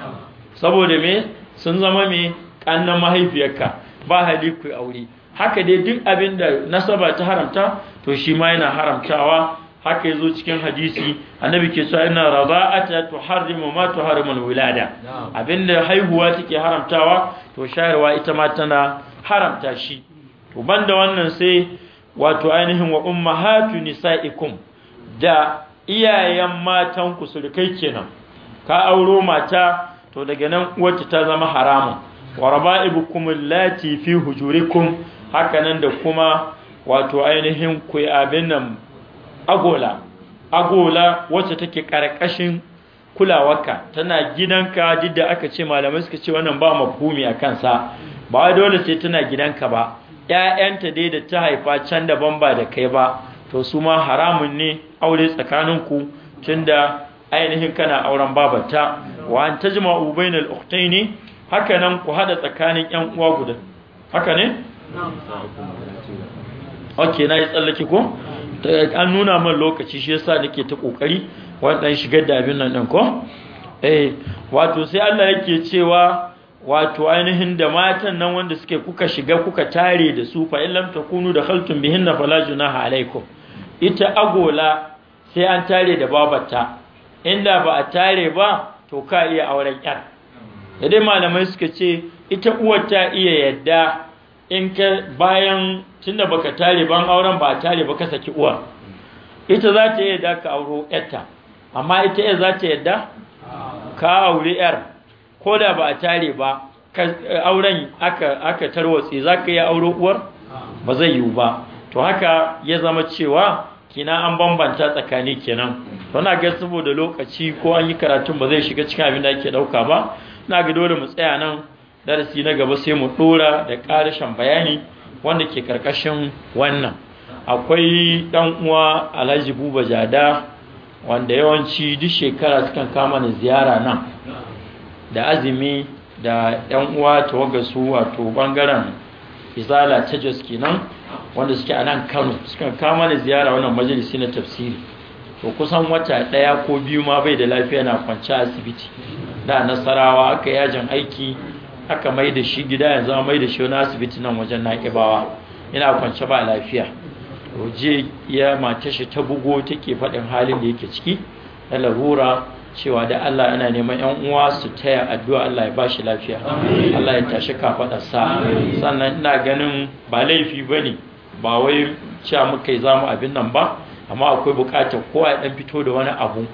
saboda me sun zama me ƙannan mahaifiyarka ba haliku aure haka dai duk abin da nasaba ta haramta to shi ma yana haramtawa haka yazo cikin hadisi annabi ke cewa inna rada'ata tuharrimu ma tuharrimu alwilada abinda haihuwa take haramtawa to shayarwa ita ma tana haramta shi to banda wannan sai wato ainihin wa ummahatu nisaikum da iyayen matan ku surukai kenan ka auro mata to daga nan wacce ta zama haramun wa ibukumin latifi fi hujurikum haka nan da kuma wato ainihin ku abin nan agola agola wacce take karkashin kulawarka tana gidanka duk da aka ce malamai suka ce wannan ba mafhumi a kansa ba dole sai tana gidanka ba Ya'yanta dai da ta haifa can daban ba da kai ba to su ma haramun ne aure tsakaninku tunda ainihin kana auren babata wa an na bainal ukhtaini haka nan ku hada tsakanin yan uwa guda haka ne okay na yi tsallake ko an nuna man lokaci shi yasa nake ta kokari wannan shigar da abin nan ko eh wato sai Allah yake cewa wato ainihin da matan nan wanda suke kuka shiga kuka tare da su fa in da takunu bihin bihinna fala junaha alaikum ita agola sai an tare da babata. inda ba a tare ba to ka iya auren yar da malamai suka ce ita uwar ta iya yadda in ka bayan tunda baka tare ban auren ba a tare ba ka saki uwar ita za ta iya yadda ka auro yarta amma ita yar za ta yadda ka auri yar ko da ba a tare ba auren aka aka tarwatse za ka yi auro uwar ba zai yiwu ba to haka ya zama cewa kina an bambanta tsakani kenan to na ga saboda lokaci ko an yi karatun ba zai shiga cikin abin da ake dauka ba na ga dole mu tsaya nan darasi na gaba sai mu dora da karishin bayani wanda ke karkashin wannan akwai dan uwa Alhaji Buba Jada wanda yawanci duk shekara sukan kama ni ziyara nan da azumi da yan uwa tawagasu su wato bangaren izala ta jos kenan wanda suke a nan kano suka kama da ziyara wannan majalisi na tafsiri to kusan wata ɗaya ko biyu ma bai da lafiya na kwanci asibiti da nasarawa aka yajin aiki aka mai da shi gida yanzu mai da shi wani asibiti nan wajen na naƙibawa yana kwance ba lafiya to je ya mace shi ta bugo take faɗin halin da yake ciki na larura cewa da Allah yana neman yan uwa su taya addu'a Allah ya bashi lafiya Allah ya tashi kafadarsa sannan ina ganin ba laifi bane ba wai cewa muka yi zamu abin nan ba amma akwai buƙatar kowa ya dan fito da wani abu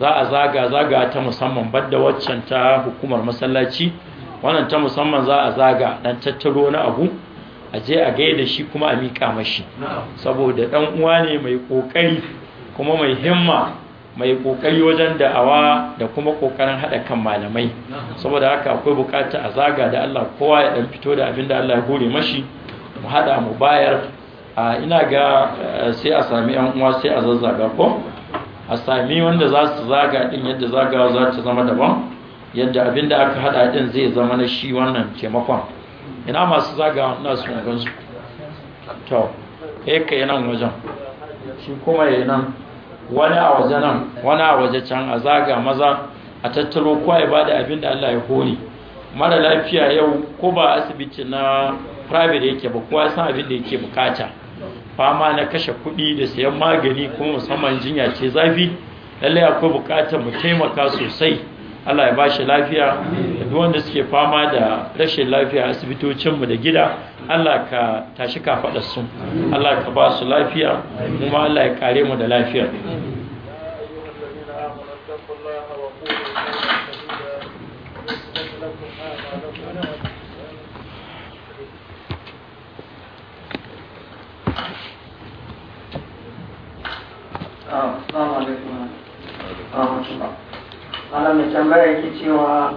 za a zaga zaga ta musamman badda waccan ta hukumar masallaci wannan ta musamman za a zaga dan tattaro na abu a je a gaida shi kuma a miƙa mashi saboda dan uwa ne mai kokari kuma mai himma mai kokari wajen da'awa da kuma kokarin hada kan malamai saboda haka akwai bukata a zaga da Allah kowa ya dan fito da abinda Allah ya hore mashi mu hada mu bayar ina ga eh, sai a sami yan uwa sai a zazzaga ko a sami wanda za su zaga din yadda zagawa za ta zama daban yadda abinda aka hada din zai zama na shi wannan taimakon ina masu zagawa ina su gansu to eh kai nan wajen shi kuma yayin nan wani a waje nan wani a waje can a zaga maza a tattaro kowa ya bada abin da Allah ya hone mara lafiya yau ko ba asibiti na private yake ba kowa san abin da yake bukata fama na kashe kuɗi da sayan magani kuma musamman jinya ce zafi lallai akwai bukatar mu taimaka sosai Allah ya bashi lafiya duk wanda suke fama da rashin lafiya asibitocinmu da gida Allah ka tashi ka faɗa su Allah ka ba su lafiya kuma Allah ya kare mu da lafiya السلام عليكم malam mai tambaya yake cewa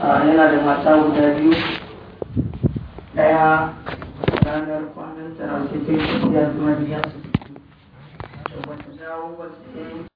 ah, yana da mata guda biyu daya ranar kwanan tara sai ta yi tafiya zuwa biyar da wata dawo wasu